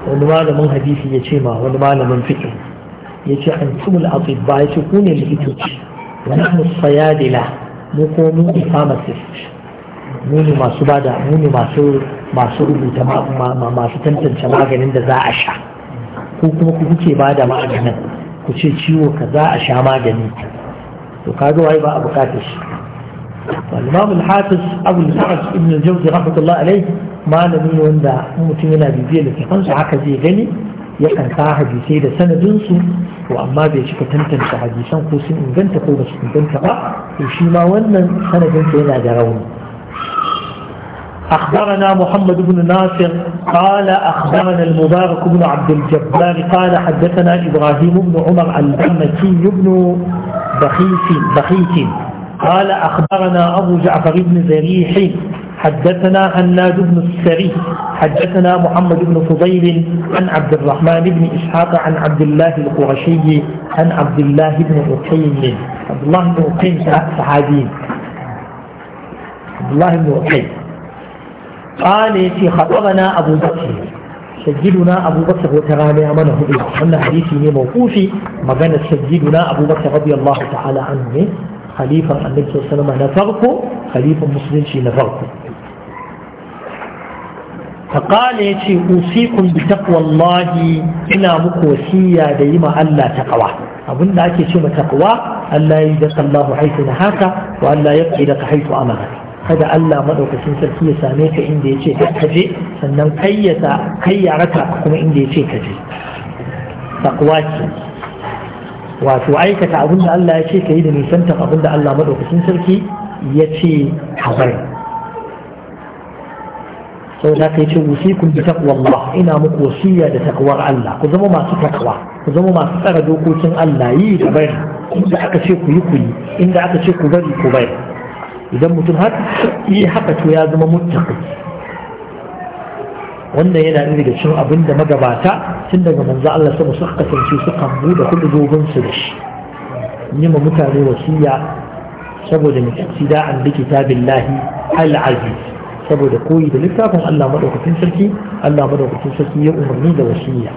A: wani malamin hadisi ya ce ma wani malamin fiqh ya ce an tumul atibba ya ce ku ne likitoci wa nahnu sayadila mu ko mu pharmacist mu ne masu bada mu ne masu masu rubuta masu tantance maganin da za a sha ko kuma ku kuke bada maganin ku ce ciwo kaza a sha magani to kaga wai ba a bukatar shi al-imam al-hafiz abu al ibn al-jawzi rahmatullah malami ne wanda mutum yana bibiyar littafin sa haka zai gani ya kan ka hadisai da sanadinsu su amma bai cika tantance hadisan ko sun inganta ko ba su inganta ba to shi ma wannan sanadin sa yana da rauni أخبرنا محمد بن ناصر قال أخبرنا المبارك بن عبد الجبار قال حدثنا إبراهيم بن عمر البرمكي بن بخيت بخيت قال أخبرنا أبو جعفر بن زريح حدثنا هناد بن السري حدثنا محمد بن فضيل عن عبد الرحمن بن إسحاق عن عبد الله القرشي عن عبد الله بن عقيم عبد الله بن عقيم صحابي عبد الله بن عقيم قال يتي خطبنا أبو بكر سجدنا أبو بكر وتراني أمنا هدو أن حديثي موقوفي مغانا سجدنا أبو بكر رضي الله تعالى عنه خليفة النبي صلى الله عليه وسلم نفرقه خليفة مسلم شي نفرقه فقال يتي أوصيكم بتقوى الله إنا مكوسية ديما ألا تقوى أبن لا تقوى ألا يدق الله حيث نهاك وألا يبعدك حيث أمرك kada Allah maɗaukacin sarki ya same ka inda ya ce ka je sannan kayyata kayyaraka kuma inda ya ce ka je takwa ce wato aikata abin da Allah ya ce ka yi da nisan abin da Allah maɗaukacin sarki ya ce ka bari sau da ka yi ce kun bi takwallah ina muku wasiya da takwar Allah ku zama masu takwa ku zama masu tsara dokokin Allah yi da bari inda aka ce ku yi ku yi inda aka ce ku bari ku bari idan mutum har yi haka to ya zama muttaqi wannan yana ne daga cikin abin da magabata tun daga manzo Allah sama suka kasance suka buɗe hudubobin su da shi yi ma mutane wasiya saboda mu tsida an bi biLlahi al-aziz saboda koyi da littafin Allah madaukakin sarki Allah madaukakin sarki ya umarni da wasiya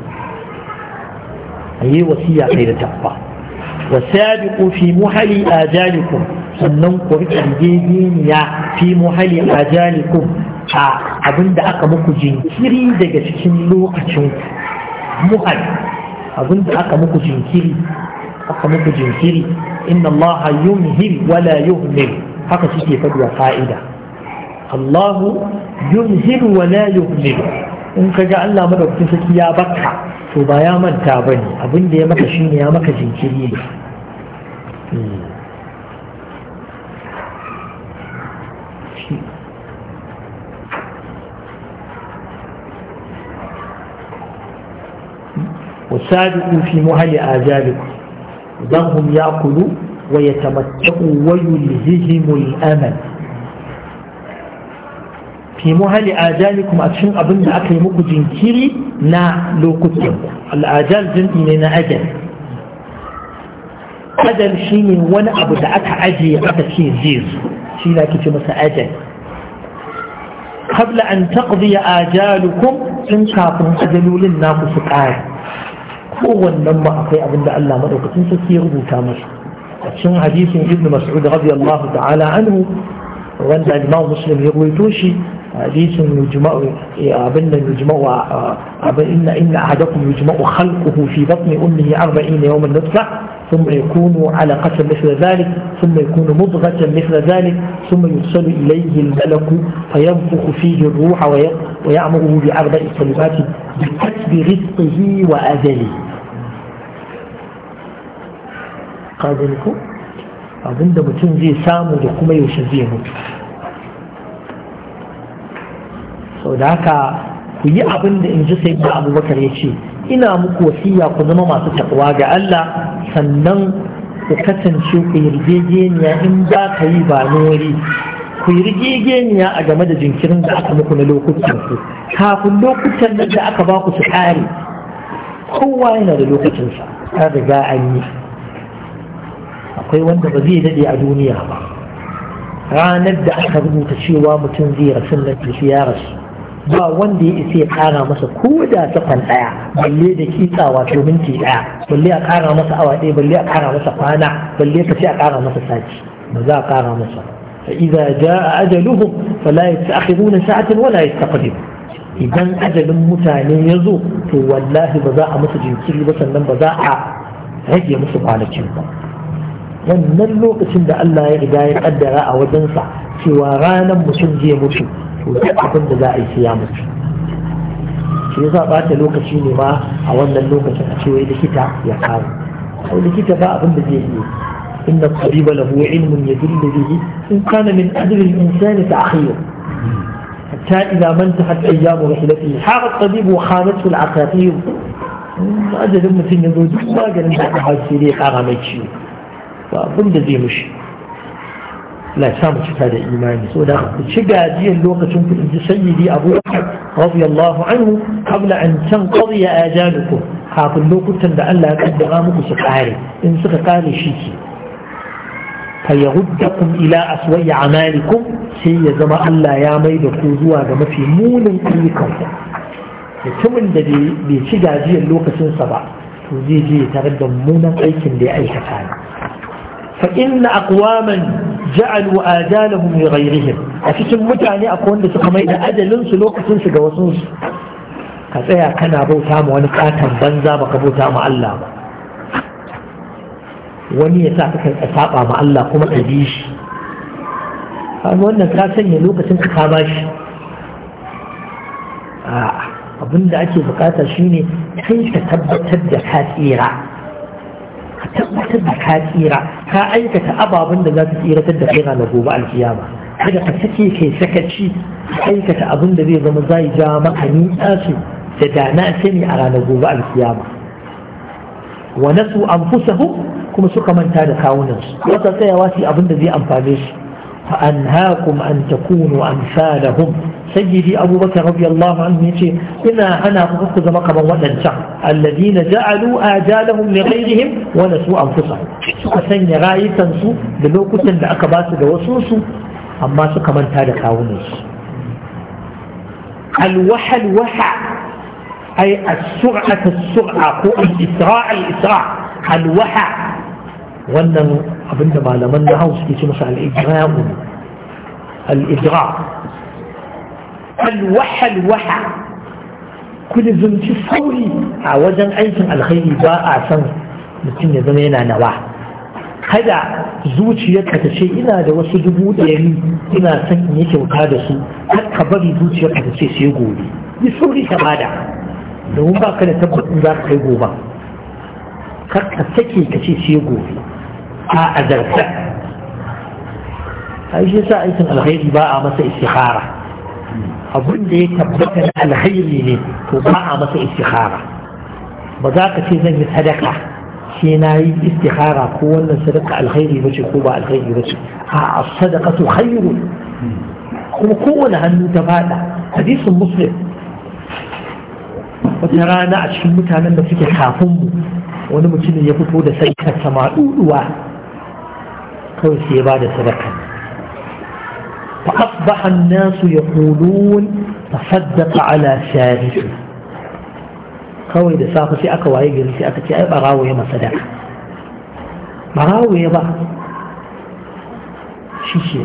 A: ayi wasiya kai da tabba wasabiqu fi muhali ajalikum sannan ku riƙe rigegeniya fi muhali ajalikum a abinda aka muku jinkiri daga cikin lokacin muhal abinda aka muku jinkiri aka muku jinkiri inna Allah yumhil wala yuhmil haka suke faɗuwa fa'ida Allahu yumhil wala yuhmil in ka ga Allah madaukakin saki ya baka to ba ya manta bane abinda ya maka shine ya maka jinkiri ne hmm. وسابقوا في مهل آجالكم ذنهم يأكلوا ويتمتعوا ويلههم الأمل في مهل آجالكم أتشن أبن أكلمك جنكيري نا لو كتب الآجال جنكي لنا أجل أجل شيني وانا أبو دعك أجي أكا شيء زيز شيء لك في أجل قبل أن تقضي آجالكم إن كافن أجلوا لنا فسقائي kowannen ma akwai abin da Allah madaukakin sarki ya rubuta masa a cikin hadisin ibn mas'ud radiyallahu ta'ala anhu wanda imam muslim ya ruwaito shi hadisin mujma'u abin da mujma'u abin inna inna ahadakum yujma'u khalquhu fi batni ummihi 40 yawman nutfa ثم يكون على قسم مثل ذلك ثم يكون مضغة مثل ذلك ثم يرسل إليه الملك فينفخ فيه الروح ويأمره بأربع كلمات بكتب رزقه وأذله ka ku abinda mutum zai samu da kuma yaushe zai mutu sau da haka ku yi abin in ji sai da abubakar ya ce ina muku wasiya ku zama masu takwa ga Allah sannan ku kasance ku rigegeniya in ba ka yi ba nori ku rigegeniya a game da jinkirin da aka muku na lokutan ku kafin lokutan da aka ba ku su kare kowa yana da lokacinsa an riga an yi akwai wanda ba zai daɗe a duniya ba ranar da aka rubuta cewa mutum zai rasu nan shi ya rasu ba wanda ya isa ya kara masa ko da sakon ɗaya balle da kitsawa to minti ɗaya balle a kara masa awa ɗaya balle a kara masa kwana balle ka ce a kara masa sati ba za a kara masa a فإذا جاء أجلهم فلا يتأخرون ساعة ولا يستقدمون idan ajalin mutane ya zo to wallahi ba za a masa jinkiri ba sannan ba za a rage musu kwanakin ba wannan lokacin da Allah ya riga ya kaddara a wajensa cewa ranar mutum je mutu to duk abin da za a yi siya ya mutu shi yasa bata lokaci ne ma a wannan lokacin a cewa likita ya kawo ko likita ba abin da zai yi inna tabiba lahu ilmun yadullu bihi in kana min ajli al-insani ta'khir حتى إذا منتهت أيام رحلته حار الطبيب وخانته العقاقير أجل مثل يقول ما قال أنت حاسيري حرامك شيء ba abin da zai mushi la samu cika da imani so da ku ci gajiyar lokacin ku inji sayyidi abu radiyallahu anhu qabla an tanqadi ajalukum kafin lokutan da Allah ya kaddara muku su kare in suka kare shi ke kun ila aswayi amalikum sai ya zama Allah ya mai da ku zuwa ga mafi munin ayyukan mutumin da bai ci gajiyar lokacinsa ba to zai je ya tarar da munin aikin da ya aikata ne فإن أقواما جعلوا آجالهم لغيرهم أتكلم متعني أقوان دي سقمي دا أجلن سلوك سنس قوسنس كتايا كان أبو تام وانا كاتم بنزا بك تام الله wani ya sa ka saba ma Allah kuma ka bi shi an wannan ka sanya lokacin ka kama shi abin da ake bukata shine kai ka tabbatar da ka tsira tabbatar da ka tsira ka aikata ababen da za su tsiratar da kai ranar gobe alkiyama kada ka sake kai sakaci aikata abin da zai zama zai ja maka nisa su da dana sani a ranar gobe alkiyama wa nasu anfusahum kuma suka manta da kawunansu wata tsayawa su abin da zai amfane su فأنهاكم أن تكونوا أمثالهم سيدي أبو بكر رضي الله عنه يقول إنا أنا أخذ مقبا وننسى الذين جعلوا آجالهم لغيرهم ونسوا أنفسهم سكسن يغاية تنسوا كتن لأقباس دوسوسوا أما كمان تالك هاونيس الوحى الوحى أي السرعة السرعة هو الإسراع الإسراع الوحى وأن abinda malaman na hau suke ce masa al'idra'u al'idra alwahalwaha. alwaha kuli zunci sauri a wajen aikin alkhairi ba a san mutum ya zama yana nawa kada zuciyarka ta ce ina da wasu dubu ɗari ina son in yi kyauta da su har ka bari ka ta ce sai gobe yi sauri ka bada domin ba ka da tabbatin za ka kai gobe kar ka sake ka ce sai gobe a azarta ai shi sa aikin alkhairi ba a masa istikhara abin da ya tabbata na alkhairi ne to ba a masa istikhara ba za ka ce zan yi sadaka sai na yi istikhara ko wannan sadaka alkhairi ba ce ko ba alkhairi ba ce a sadaka to khairu kuma kowane hannu ta fada hadisin muslim wata rana a cikin mutanen da suke kafin mu wani mutumin ya fito da sai ka sama kawai sai ya ba da sadaka فأصبح الناس يقولون تصدق على سارسه kawai da safe sai aka waye gari sai aka ce ai barawo ya masa da barawo ya ba shi ke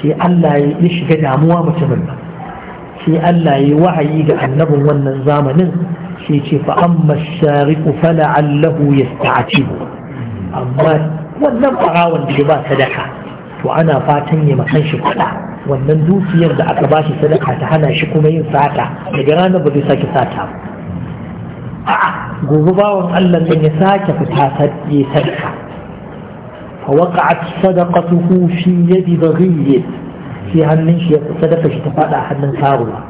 A: sai Allah ya shiga damuwa mutumin ba sai Allah ya wahayi ga annabin wannan zamanin sai ce fa amma shariku fala allahu yasta'tibu amma wannan ɓarawan da ya ba sadaka to ana fatan ya makan shi kuɗa wannan dukiyar da aka ba shi sadaka ta hana shi kuma yin sata daga ranar ba zai sake sata ba 'a gobe bawan Allah nan ya sake fita ya sadaka fa sadaqatuhu fi yadi baghiy fi hannun shi sadaka shi ta fada hannun karuwa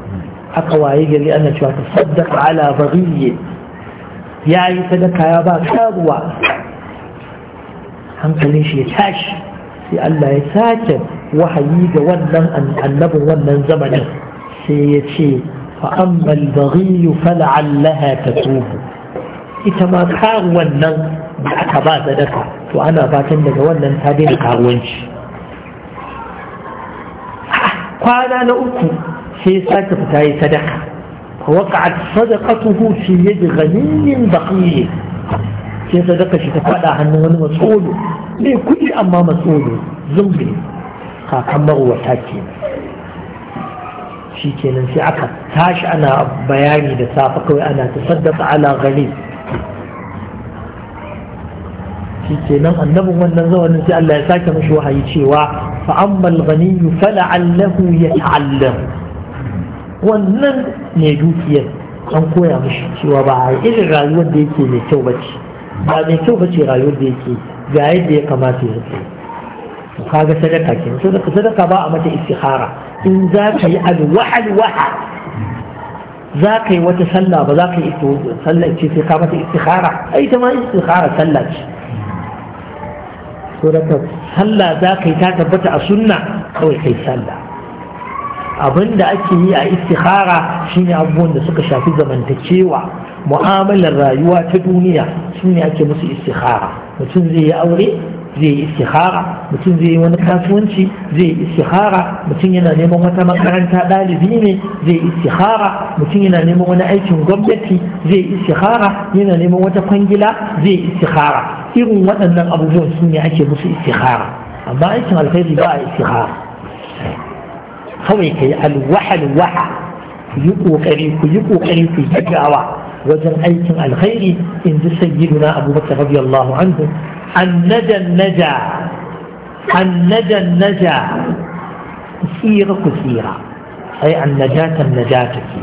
A: aka waye gari ana cewa ta saddaqa ala baghiy yayi sadaka ya ba karuwa hankalin shi ya tashi sai Allah ya sake wahayi ga wannan annabin wannan zamanin sai ya ce fa'ammal baghiyu fala'allaha tatubu ita ma karuwan nan da aka ba sadaka to ana fatan daga wannan ta daina karuwanci kwana na uku sai sake fita yi sadaka وقعت صدقته في يد غني بقيه cikin sadaka shi ta fada hannun wani matsolo ne kuɗi amma matsolo zumbi kakan marwata ke shi kenan sai aka tashi ana bayani da safa kawai ana ta saddaka ala gari shi kenan annabin wannan zamanin sai Allah ya sake mashi wahayi cewa fa'ammal ganiyu fala'allahu ya ta'allam wannan ne dukiyar an koya mashi cewa ba a irin rayuwar da yake mai kyau ba ce ba mai kyau ba ce rayuwar da yake ga yadda ya kamata ya ce. kaga sadaka ke sadaka sadaka ba a mata istihara in za ka yi alwahal waha za ka yi wata sallah ba za ka yi sallah ce sai ka mata istihara ai ta ma istihara sallah ce sadaka sallah za ka yi ta tabbata a sunna kawai kai sallah abin da ake yi a istihara shine abubuwan da suka shafi zamantakewa mu'amalar rayuwa ta duniya su ne ake musu istikhara mutum zai yi aure zai yi istikhara mutum zai yi wani kasuwanci zai yi istikhara mutum yana neman wata makaranta ɗalibi ne zai yi istikhara mutum yana neman wani aikin gwamnati zai yi istikhara yana neman wata kwangila zai yi istikhara irin waɗannan abubuwan su ne ake musu istikhara amma aikin alkhairi ba a istikhara kawai ka yi alwaha ku yi ƙoƙari ku yi ƙoƙari ku yi gaggawa wajen aikin alkhairi in ji sayyiduna abubakar radiyallahu anhu annajan naja annajan naja tsira ku tsira ai annajatan najata ke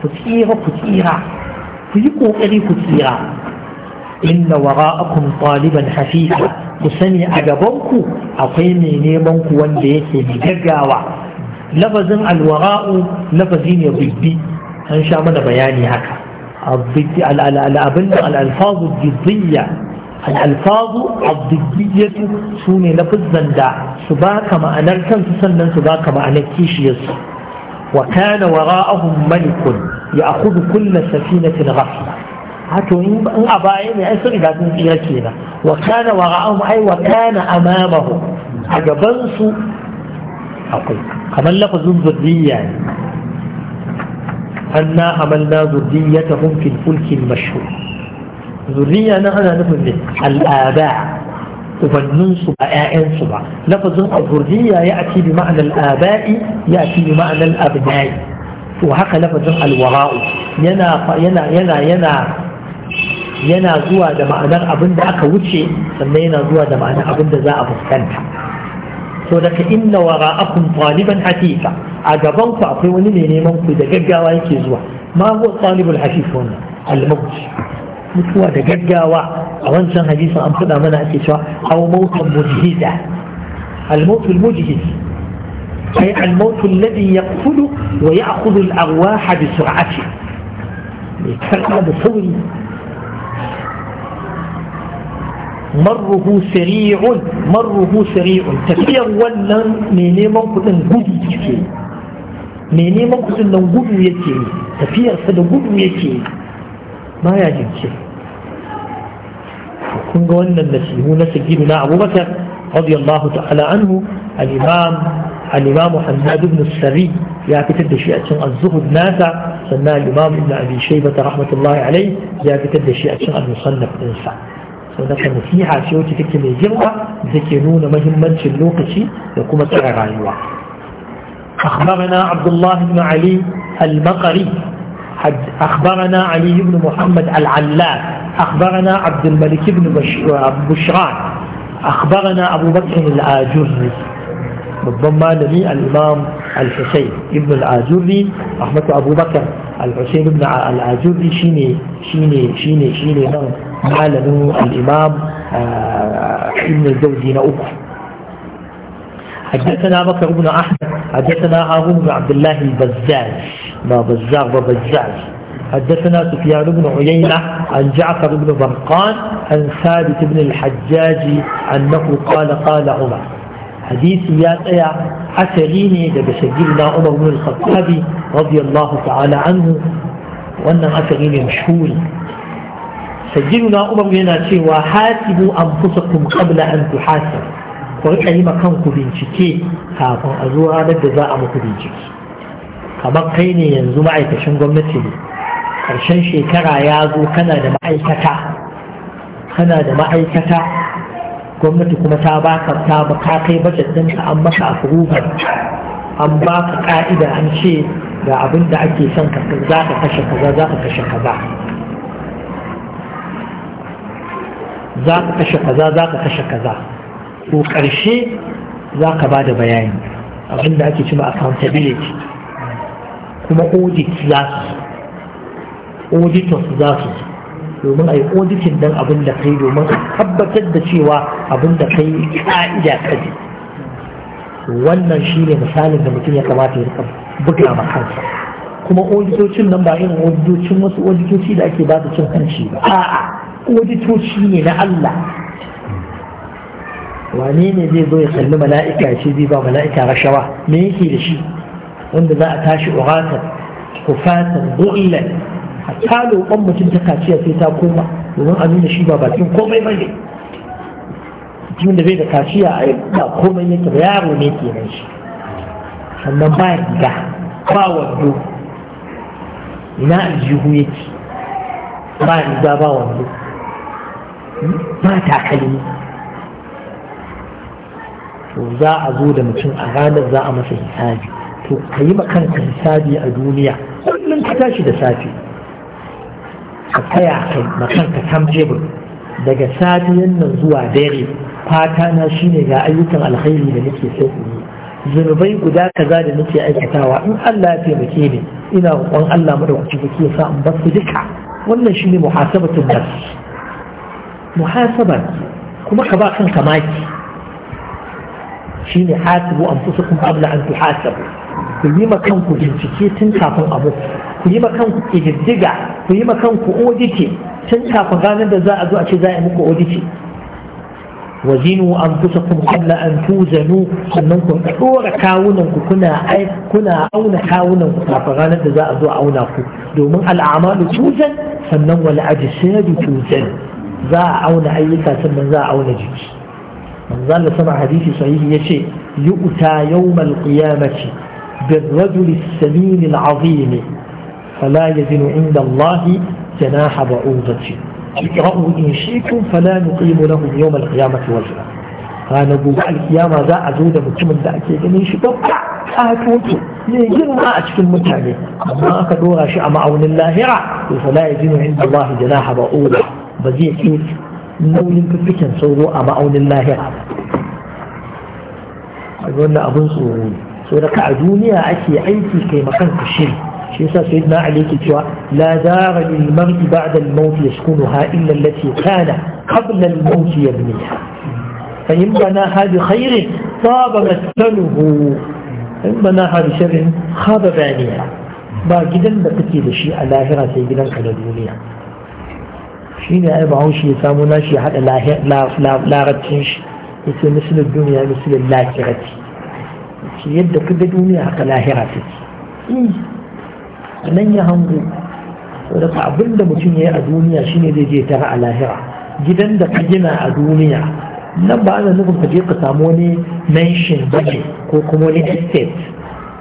A: ku tsira ku tsira ku yi kokari ku tsira inna wara'akum taliban hafifa ku sani a gabanku akwai mai neman ku wanda yake mai gaggawa lafazin alwara'u lafazi ne bibbi an sha mana bayani haka الألفاظ الجدية الألفاظ الضدية سوني لفظا دا سباك ما أنركن تسنن سباك ما أنكيش يسر وكان وراءهم ملك يأخذ كل سفينة غفلة حتى إن أبائي أسر إذا كنت إيركينا وكان وراءهم أي وكان أمامهم أجبنسوا أقول كمان لفظ ضدية يعني أنا حملنا ذريتهم في الفلك المشهور ذرية أنا نفهم الآباء وبنون صبا آئين صبا لفظ الذرية يأتي بمعنى الآباء يأتي بمعنى الأبناء وهكا لفظ الوراء ينا ينا ينا ينا yana zuwa da ma'anar abin da aka wuce sannan yana zuwa da ma'anar abin da za a fuskanta so daga inna wara'akum taliban haqiqa a gaban ku akwai wani mai neman ku da gaggawa yake zuwa ma huwa talibul hafif wannan al-maut mutuwa da gaggawa a wancan hadisin an faɗa mana ake cewa aw mautan mujhida al-maut al-mujhid أي الموت الذي يقتل ويأخذ الأرواح بسرعته يتفرق بصوري مره سريع مره سريع تفير ولن من يمكن أن mai neman kudin nan gudu yake yi tafiyarsa da gudu yake yi ba ya jinke kun ga wannan nasihu na sagidu na abubakar radiyallahu ta'ala anhu al-imam al-imam hamad ibn sari ya fitar da shi a cikin az-zuhud nasa sannan al-imam ibn abi shayba rahmatullahi alayhi ya fitar da shi a cikin al-musannaf ɗinsa sau da nasiha ce wacce take mai girma da take nuna mahimmancin lokaci da kuma tsara rayuwa أخبرنا عبد الله بن علي المقري أخبرنا علي بن محمد العلاء أخبرنا عبد الملك بن بشران أخبرنا أبو بكر الآجري ربما لي الإمام الحسين ابن الآجري رحمة أبو بكر الحسين بن الآجري شيني شيني شيني شيني نعم الإمام آه، ابن الزوجي نأكل نعم. حدثنا بكر بن أحمد حدثنا هارون بن عبد الله البزاز ما بزاز وبزاز حدثنا سفيان بن عيينة عن جعفر بن برقان عن ثابت بن الحجاج أنه قال قال عمر حديث يا تيا اتريني دب عمر بن الخطاب رضي الله تعالى عنه وأن اتريني مشهور سجلنا عمر لنا سوى وحاسبوا أنفسكم قبل أن تحاسبوا ku riƙa yi kanku bincike kafin a zo ranar da za a muku bincike kamar kai ne yanzu ma'aikacin gwamnati ne ƙarshen shekara ya zo kana da ma'aikata kana da ma'aikata gwamnati kuma ta baka ta ka kai budget ɗinka an maka approval an baka ka'ida an ce ga abin da ake son ka za ka kashe kaza za ka kashe kaza za ka kashe kaza za ka kashe kaza Ko ƙarshe za ka ba da bayani abinda ake cima accountability kuma audit za su auditors za su domin a yi auditing don abin da kai domin a tabbatar da cewa abin da kai ka'ida kaji wannan shi ne misalin da mutum ya kamata ya buga ma kansa kuma auditocin nan ba irin auditocin wasu auditoci da ake ba cin hanci ba a'a auditoci ne na Allah wane ne zai zo ya kalli mala'ika shi zai ba mala'ika rashawa me yake da shi wanda za a tashi uratan kufatan bullan hatta lokon mutum ta kaciya sai ta koma domin a nuna shi ba bakin komai ba ne mutum da bai da kaciya a ba komai yake ba yaro ne ke nan shi sannan ba riga ba wando ina aljihu yake ba riga ba wando hmm? ba takalmi to za a zo da mutum a ranar za a masa hisabi to ka yi kanka hisabi a duniya kullum ka tashi da safe ka tsaya kai makanka tamjebur daga safiyan nan zuwa dare fata na shine ga ayyukan alkhairi da nake so zunubai guda kaza da nake aikatawa in Allah ya taimake ni ina roƙon Allah madaukaki kake ya sa in bar su duka wannan shine muhasabatun nafs muhasaba kuma ka ba kanka maki shine hasibu kuma qabla an tuhasabu ku yi ma kanku bincike tun kafin abu ku yi ma kanku kididdiga ku yi ma kanku odite. tun kafin da za a zo a ce za a yi muku oditi وزنوا أنفسكم قبل أن توزنوا أنكم أورا كاوننكم كنا أي كنا أونا كاوننكم فغانا دزاء ذو أوناكم دومن الأعمال توزن فنن والأجساد توزن ذا أونا أيكا za a auna jiki. من سمع حديث صحيح يشيء يؤتى يوم القيامة بالرجل السمين العظيم فلا يزن عند الله جناح بعوضة اقرأوا إن شئكم فلا نقيم لهم يوم القيامة وزنا أنا آه، أقول القيامة ذا أزود مكمل ذاك يعني شو بقى آه، أكوت آه، يجينا أشكي ما أكدور أشياء الله فلا يزن عند الله جناح بعوضة بزيك nauyin fiffiken sauro a ma'aunin lahira wannan abin tsoro so da ka a duniya ake aiki kai makan ka shiri shi yasa sayyidina ali yake cewa la dara lil mar'i ba'da al maut yaskunuha illa allati kana qabla al maut yabniha fa in banaha bi khairin taba maskanuhu in banaha bi sharrin khaba baniha ba gidan da kake da shi a lahira sai gidan ka na duniya shi ne ai bahaushe ya samu nashi ya haɗa larabcin shi ya ce misalin duniya misalin lahirati yadda ka duniya haka lahira ta ce hmm. nan ya hango saboda abin da mutum ya yi a duniya shine zai je tara a lahira gidan da ka gina a duniya nan ba ana nufin ka je ka samu wani mansion bane ko kuma wani estate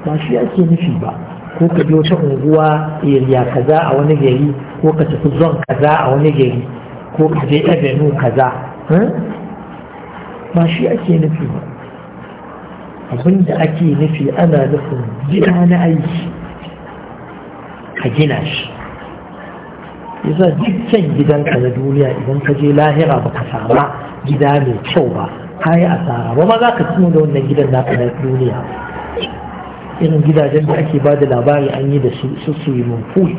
A: ba shi ake nufi ba ko ka je wata unguwa iriya kaza a wani gari ko ka tafi zon kaza a wani gari ko ka je avenue kaza hmm? ba shi ake nufi abin da ake nufi ana nufin gida na aiki ka gina shi yasa dukkan gidanka na duniya idan ka je lahira ba ka sama gida mai kyau ba ka yi asara ba ma za ka tuno da wannan gidan ka na duniya irin gidajen da ake bada labari an yi da su swimming pool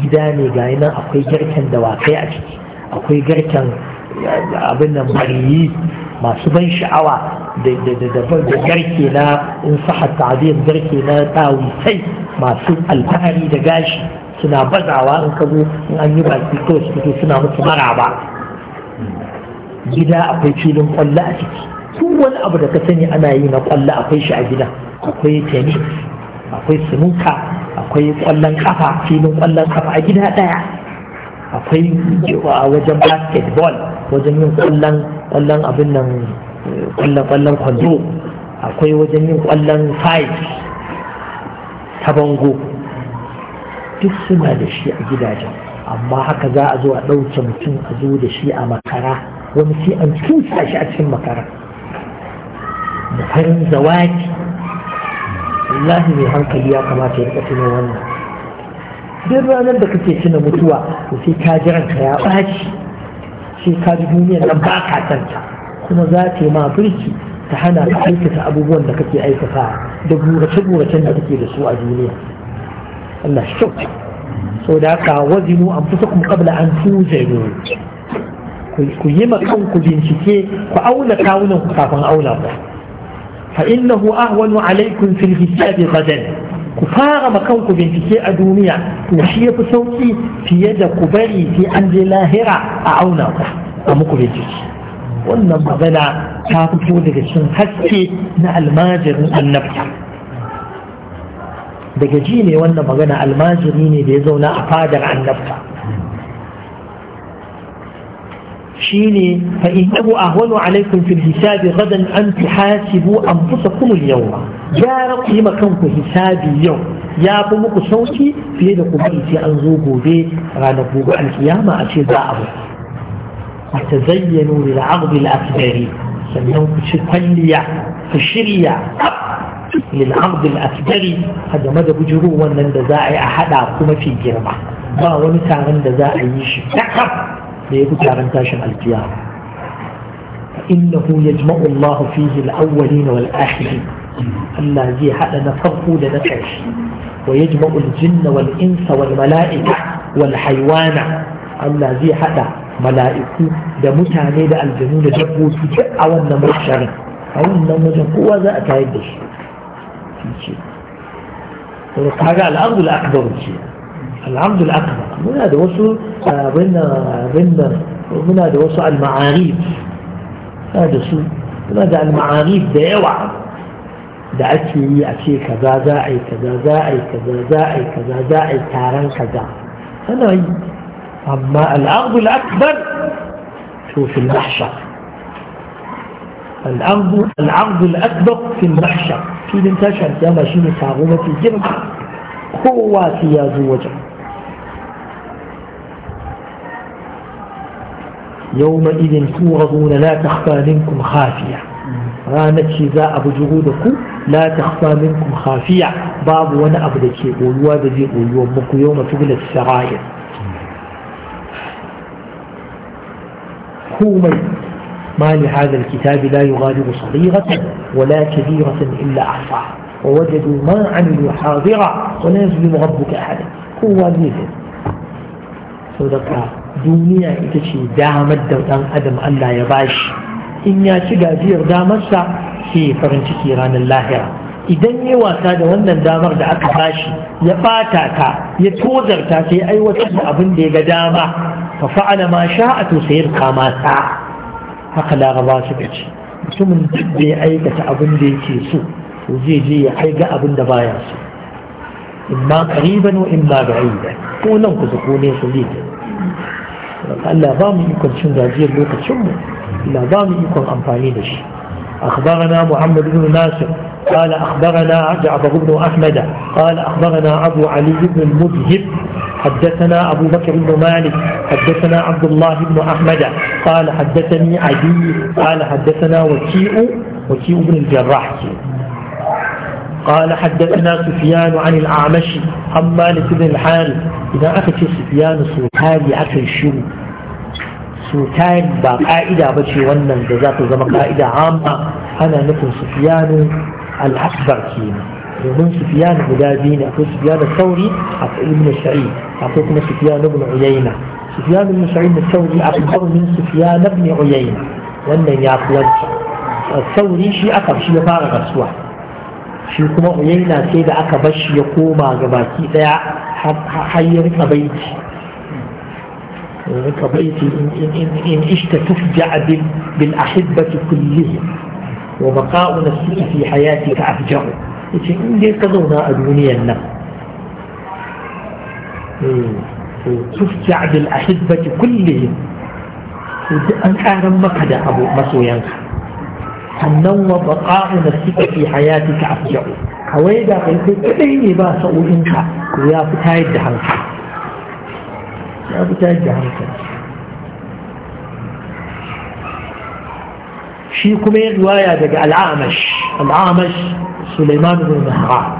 A: gida ne ga nan akwai garken dawakai a ciki akwai garken eh, abin nan bariyi masu ban sha'awa da garke na in saha garke na tawisai masu alfahari da gashi suna bazawa in ka zo in an yi baki kawai su fito suna musu maraba gida akwai filin kwallo a ciki duk wani abu da ka sani ana yi na kwallo akwai shi a gida akwai tenis akwai sununka akwai kwallon kafa filin kwallon kafa a gida daya akwai wajen basketball wajen yin kwallon kwallon abin nan kwallon kwallon kwando akwai wajen yin kwallon five ta bango duk suna da shi a gidajen amma haka za a zo a ɗauke mutum a zo da shi a makara wani sai an tusa shi a cikin makara mu zawaki wallahi mai hankali ya kamata ya rika tuno wannan duk ranar da kake tuna mutuwa to sai ka ji ranka ya ɓaci sai ka ji duniyar nan ba ka kuma za ta yi ma birki ta hana ka aikata abubuwan da kake aikata da burace burace da kake da su a duniya Allah shi kyau so da haka wazinu an fi kuma kabla an tuzanu ku yi ma ku bincike ku auna kawunan ku kafin auna ku A inna فإنه أهون عليكم في الحساب غدا كفار مكانكم بنتكي أدومية وشي بصوتي في يد كبري في أنج لاهرة أعونا أمكم بنتكي wannan magana ta fito daga cikin haske na almajirin annabta daga ji ne wannan magana almajiri ne da ya zauna a fadar annabta شيني فإنه أهون عليكم في الحساب غدا أن تحاسبوا أنفسكم اليوم يا رب لما كنت حسابي اليوم يا بمك صوتي في يد بيتي أنزوبوا بي غانا بوغو القيامة أشير بعض وتزينوا للعرض الأكبر سنوك شفلية فشرية للعرض الأكبر هذا ماذا بجروا أن ذا أحدا كما في جرمة ما ونسى أن ذا أي شيء إنه يجمع الله فيه الأولين والآخرين أما ذي حالة نفره ويجمع الجن والإنس والملائكة والحيوان الذي ذي حالة ملائكة ده متعني ده الجنون جبه في جأة والنمحشر أولنا مجنقوة ذا أتايدش في شيء ورقاها الأرض الأكبر في شيء العرض الأكبر من هذا وصل من من من هذا وصل المعاريف هذا وصل ماذا المعاريف دعوة دعتي أشي كذا داعي كذا داعي كذا داعي كذا داعي كاران كذا أنا أما العرض الأكبر هو في المحشر العرض العرض الأكبر في المحشر في المنتشر يا ماشيني كاغومة الجنة قوة في هذا يومئذ تورضون لا تخفى منكم خافية غانت شزاء بجهودكم لا تخفى منكم خافية باب وانا أبدك يقولوا ذي قولوا أمك يوم تقل السرائر كومي ما لهذا الكتاب لا يغادر صغيرة ولا كبيرة إلا أحصى ووجدوا ما عملوا حاضرة ولا يظلم ربك أحدا هو ذي sau duniya ita ce damar da ɗan adam Allah ya bashi in ya ci gajiyar damarsa sai ya farin ciki ranar lahira idan ya wasa da wannan damar da aka bashi ya ɓata ka ya tozarta sai aiwatar da abin da ya ga dama fa fa'ala ma sha'a to sayar kama sa haka laraba suka ci mutumin duk da ya aikata abin da yake so to zai je ya kai ga abin da baya so إما قريبا وإما بعيدا قولوا صديقا قال لا ضامن يكون شنو غادير لوقت شنو لا ضامن يكون أمفاني لش أخبرنا محمد بن ناصر قال أخبرنا جعفر بن أحمد قال أخبرنا أبو علي بن المذهب حدثنا أبو بكر بن مالك حدثنا عبد الله بن أحمد قال حدثني عدي قال حدثنا وكيء وكيء بن الجراح قال حدثنا سفيان عن الأعمش عن مالك بن الحارث إذا أخذ سفيان سوتاني أخي شو سوتان بقائدة بشي ونن جزاك زما قائدة عامة أنا نكون سفيان الأكبر كينا ومن سفيان مدابين أقول سفيان الثوري أقول ابن سعيد أقول سفيان بن عيينة سفيان بن سعيد الثوري أكبر من سفيان بن عيينة وأن يعقل الثوري شيء أكبر شيء فارغ السواح shi kuma uyaina sai da aka bar shi ya koma ga baki daya har ya rika baiti rika baiti in ishta tufja bil bil ahibbati kullihim wa baqa'u nafsika fi hayatika afjahu yace in dai ka zauna a duniyar nan tufja bil ahibbati kullihim an karan maka da abu masoyanka النوم بقائنا السكة في حياتك أفجع حويدا قلت إليني باس أولنك يا بتاي الدهنك يا بتاي الدهنك شيكم كمير رواية دقاء العامش العامش سليمان بن مهراء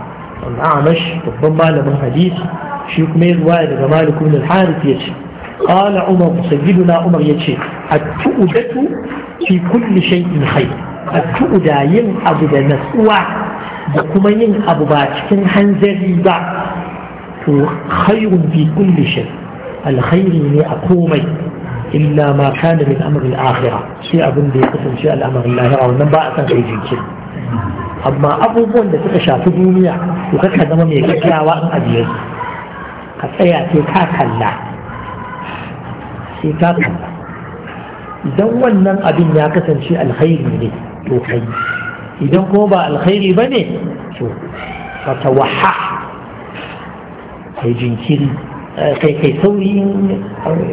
A: العامش ربما لمن حديث شيكم كمير رواية دقاء مالك بن الحارث يجي قال عمر سيدنا عمر يجي التؤدة في كل شيء خير addu'u da yin abu da natsuwa da kuma yin abu ba cikin hanzari ba to khairun fi kulli shay alkhairi ne a komai illa ma kana min amrin akhirah shi abin da ya kasance al'amarin lahira wannan ba a san kai jinkiri amma abubuwan da suka shafi duniya to kaka zama mai kakkiyawa in ajiye su ka tsaya sai ka kalla sai ka kalla idan wannan abin ya kasance alkhairi ne توحي إذن كما با الخير بني فتوحح كي جنكين كي كي سوي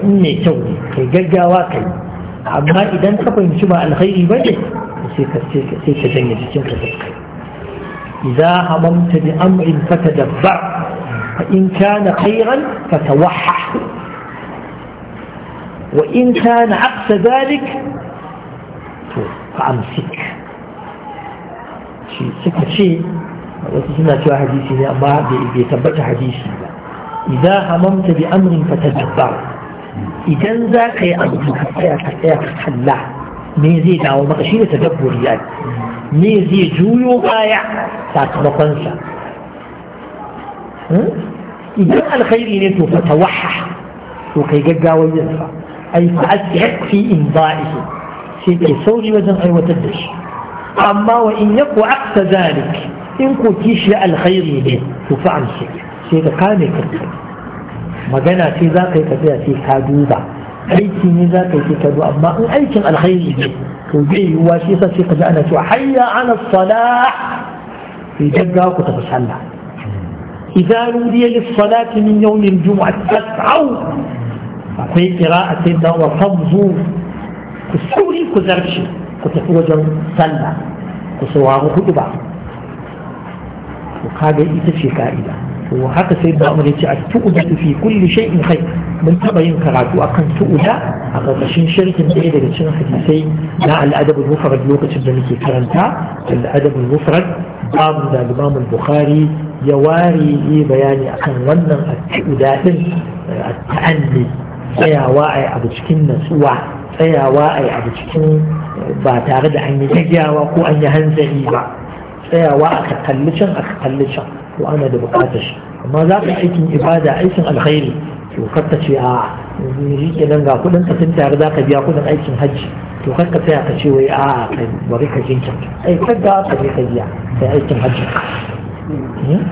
A: إني سوي كي جاجا واكي أما إذن كما يمشي با الخير بني سيكا جنجي جنجي جنجي إذا هممت بأمر فتدبر فإن كان خيرا فتوحح وإن كان عقس ذلك فأمسك سكتشي وسمعت حديثي ما بيتبت حديثي إذا هممت بأمر فتجبر إذا ذاك يا أمرك يا يا تحلى ميزيد أو مقشين تدبر يعني ميزي جويو بايع تاتمقنسا إذا الخير نتو فتوحح وكي جدا ويدفع أي فأسهك في إنضائه في بيسوري وزن أي أيوة وتدش أما وإن يقع عكس ذلك إن كنت يشلع الخير يبين وفعل شيء سيدا كان يكتب ما في ذاك يتبيع في كادوبة أي تيني ذاك يتكادو أما إن أي تيني الخير يبين وبيه واشيصة في قزانة وحيا على الصلاح في جدة وكتب سلا إذا نودي للصلاة من يوم الجمعة تسعوا في قراءة الدورة ku sauri ku zarce ku tafi wajen sallah ku saurari hudu ba ku kaga ita ce ka'ida to haka sai da amurci a tu'uda fi kulli shay'in kai mun taba yin karatu akan tu'uda a karkashin sharhin ɗaya daga cikin hadisai na al'adab al-mufrad lokacin da muke karanta al'adab al-mufrad babu da Imam al-Bukhari ya ware yi bayani akan wannan tu'uda din ta'anni tsayawa a abu cikin natsuwa tsayawa a yi abu cikin ba tare da an yi gaggawa ko an yi hanzari ba tsayawa a kalli can a kalli can ko ana da bukatar shi amma za ka aikin ibada aikin alkhairi to karka ce a shi kenan ga kudin ka tun tare za ka biya kudin aikin hajji to karka tsaya ka ce wai a kai bari ka jinka ai kaga ka je ka biya kai aikin hajji hmm?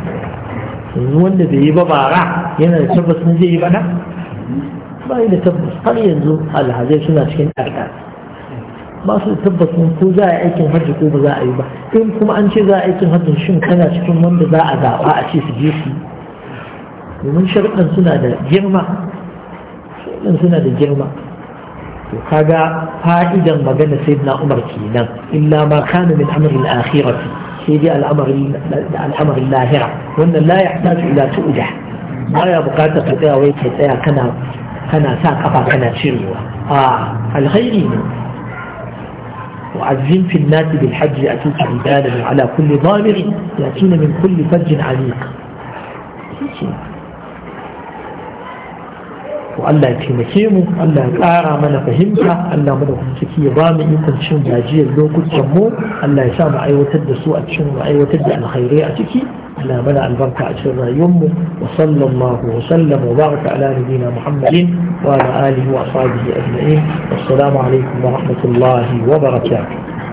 A: yanzu wanda bai yi ba bara yana da tabbas zai yi bana ba da tabbas har yanzu alhazai suna cikin ɗarɗar ba su tabbas ko za a aikin hajji ko ba za a yi ba in kuma an ce za a aikin hajji shin kana cikin wanda za a zaɓa a ce su je su domin sharuɗan suna da girma sharuɗan suna da girma to kaga fa'idan magana sayyidina Umar kenan illa ma kana min amri al-akhirati sai dai al'amari al'amarin lahira wannan la yahtaju ila tu'dah baya bukatar ka tsaya wai ka tsaya kana kana sa kafa kana cirewa a alkhairi ne وعزم في الناس بالحج أتوك عبادة على كل ضامر يأتون من كل فج عميق to Allah ya taimake mu Allah ya ƙara mana fahimta Allah mu da kuma ya ba mu ikon cin gajiyar lokutan mu Allah ya sa mu aiwatar da su a cikin mu aiwatar da alkhairai a ciki Allah mana albarka a cikin rayuwar mu wa sallallahu wa sallama wa baraka ala nabiyyina Muhammadin wa ala alihi wa ashabihi ajma'in assalamu alaikum wa rahmatullahi wa barakatuh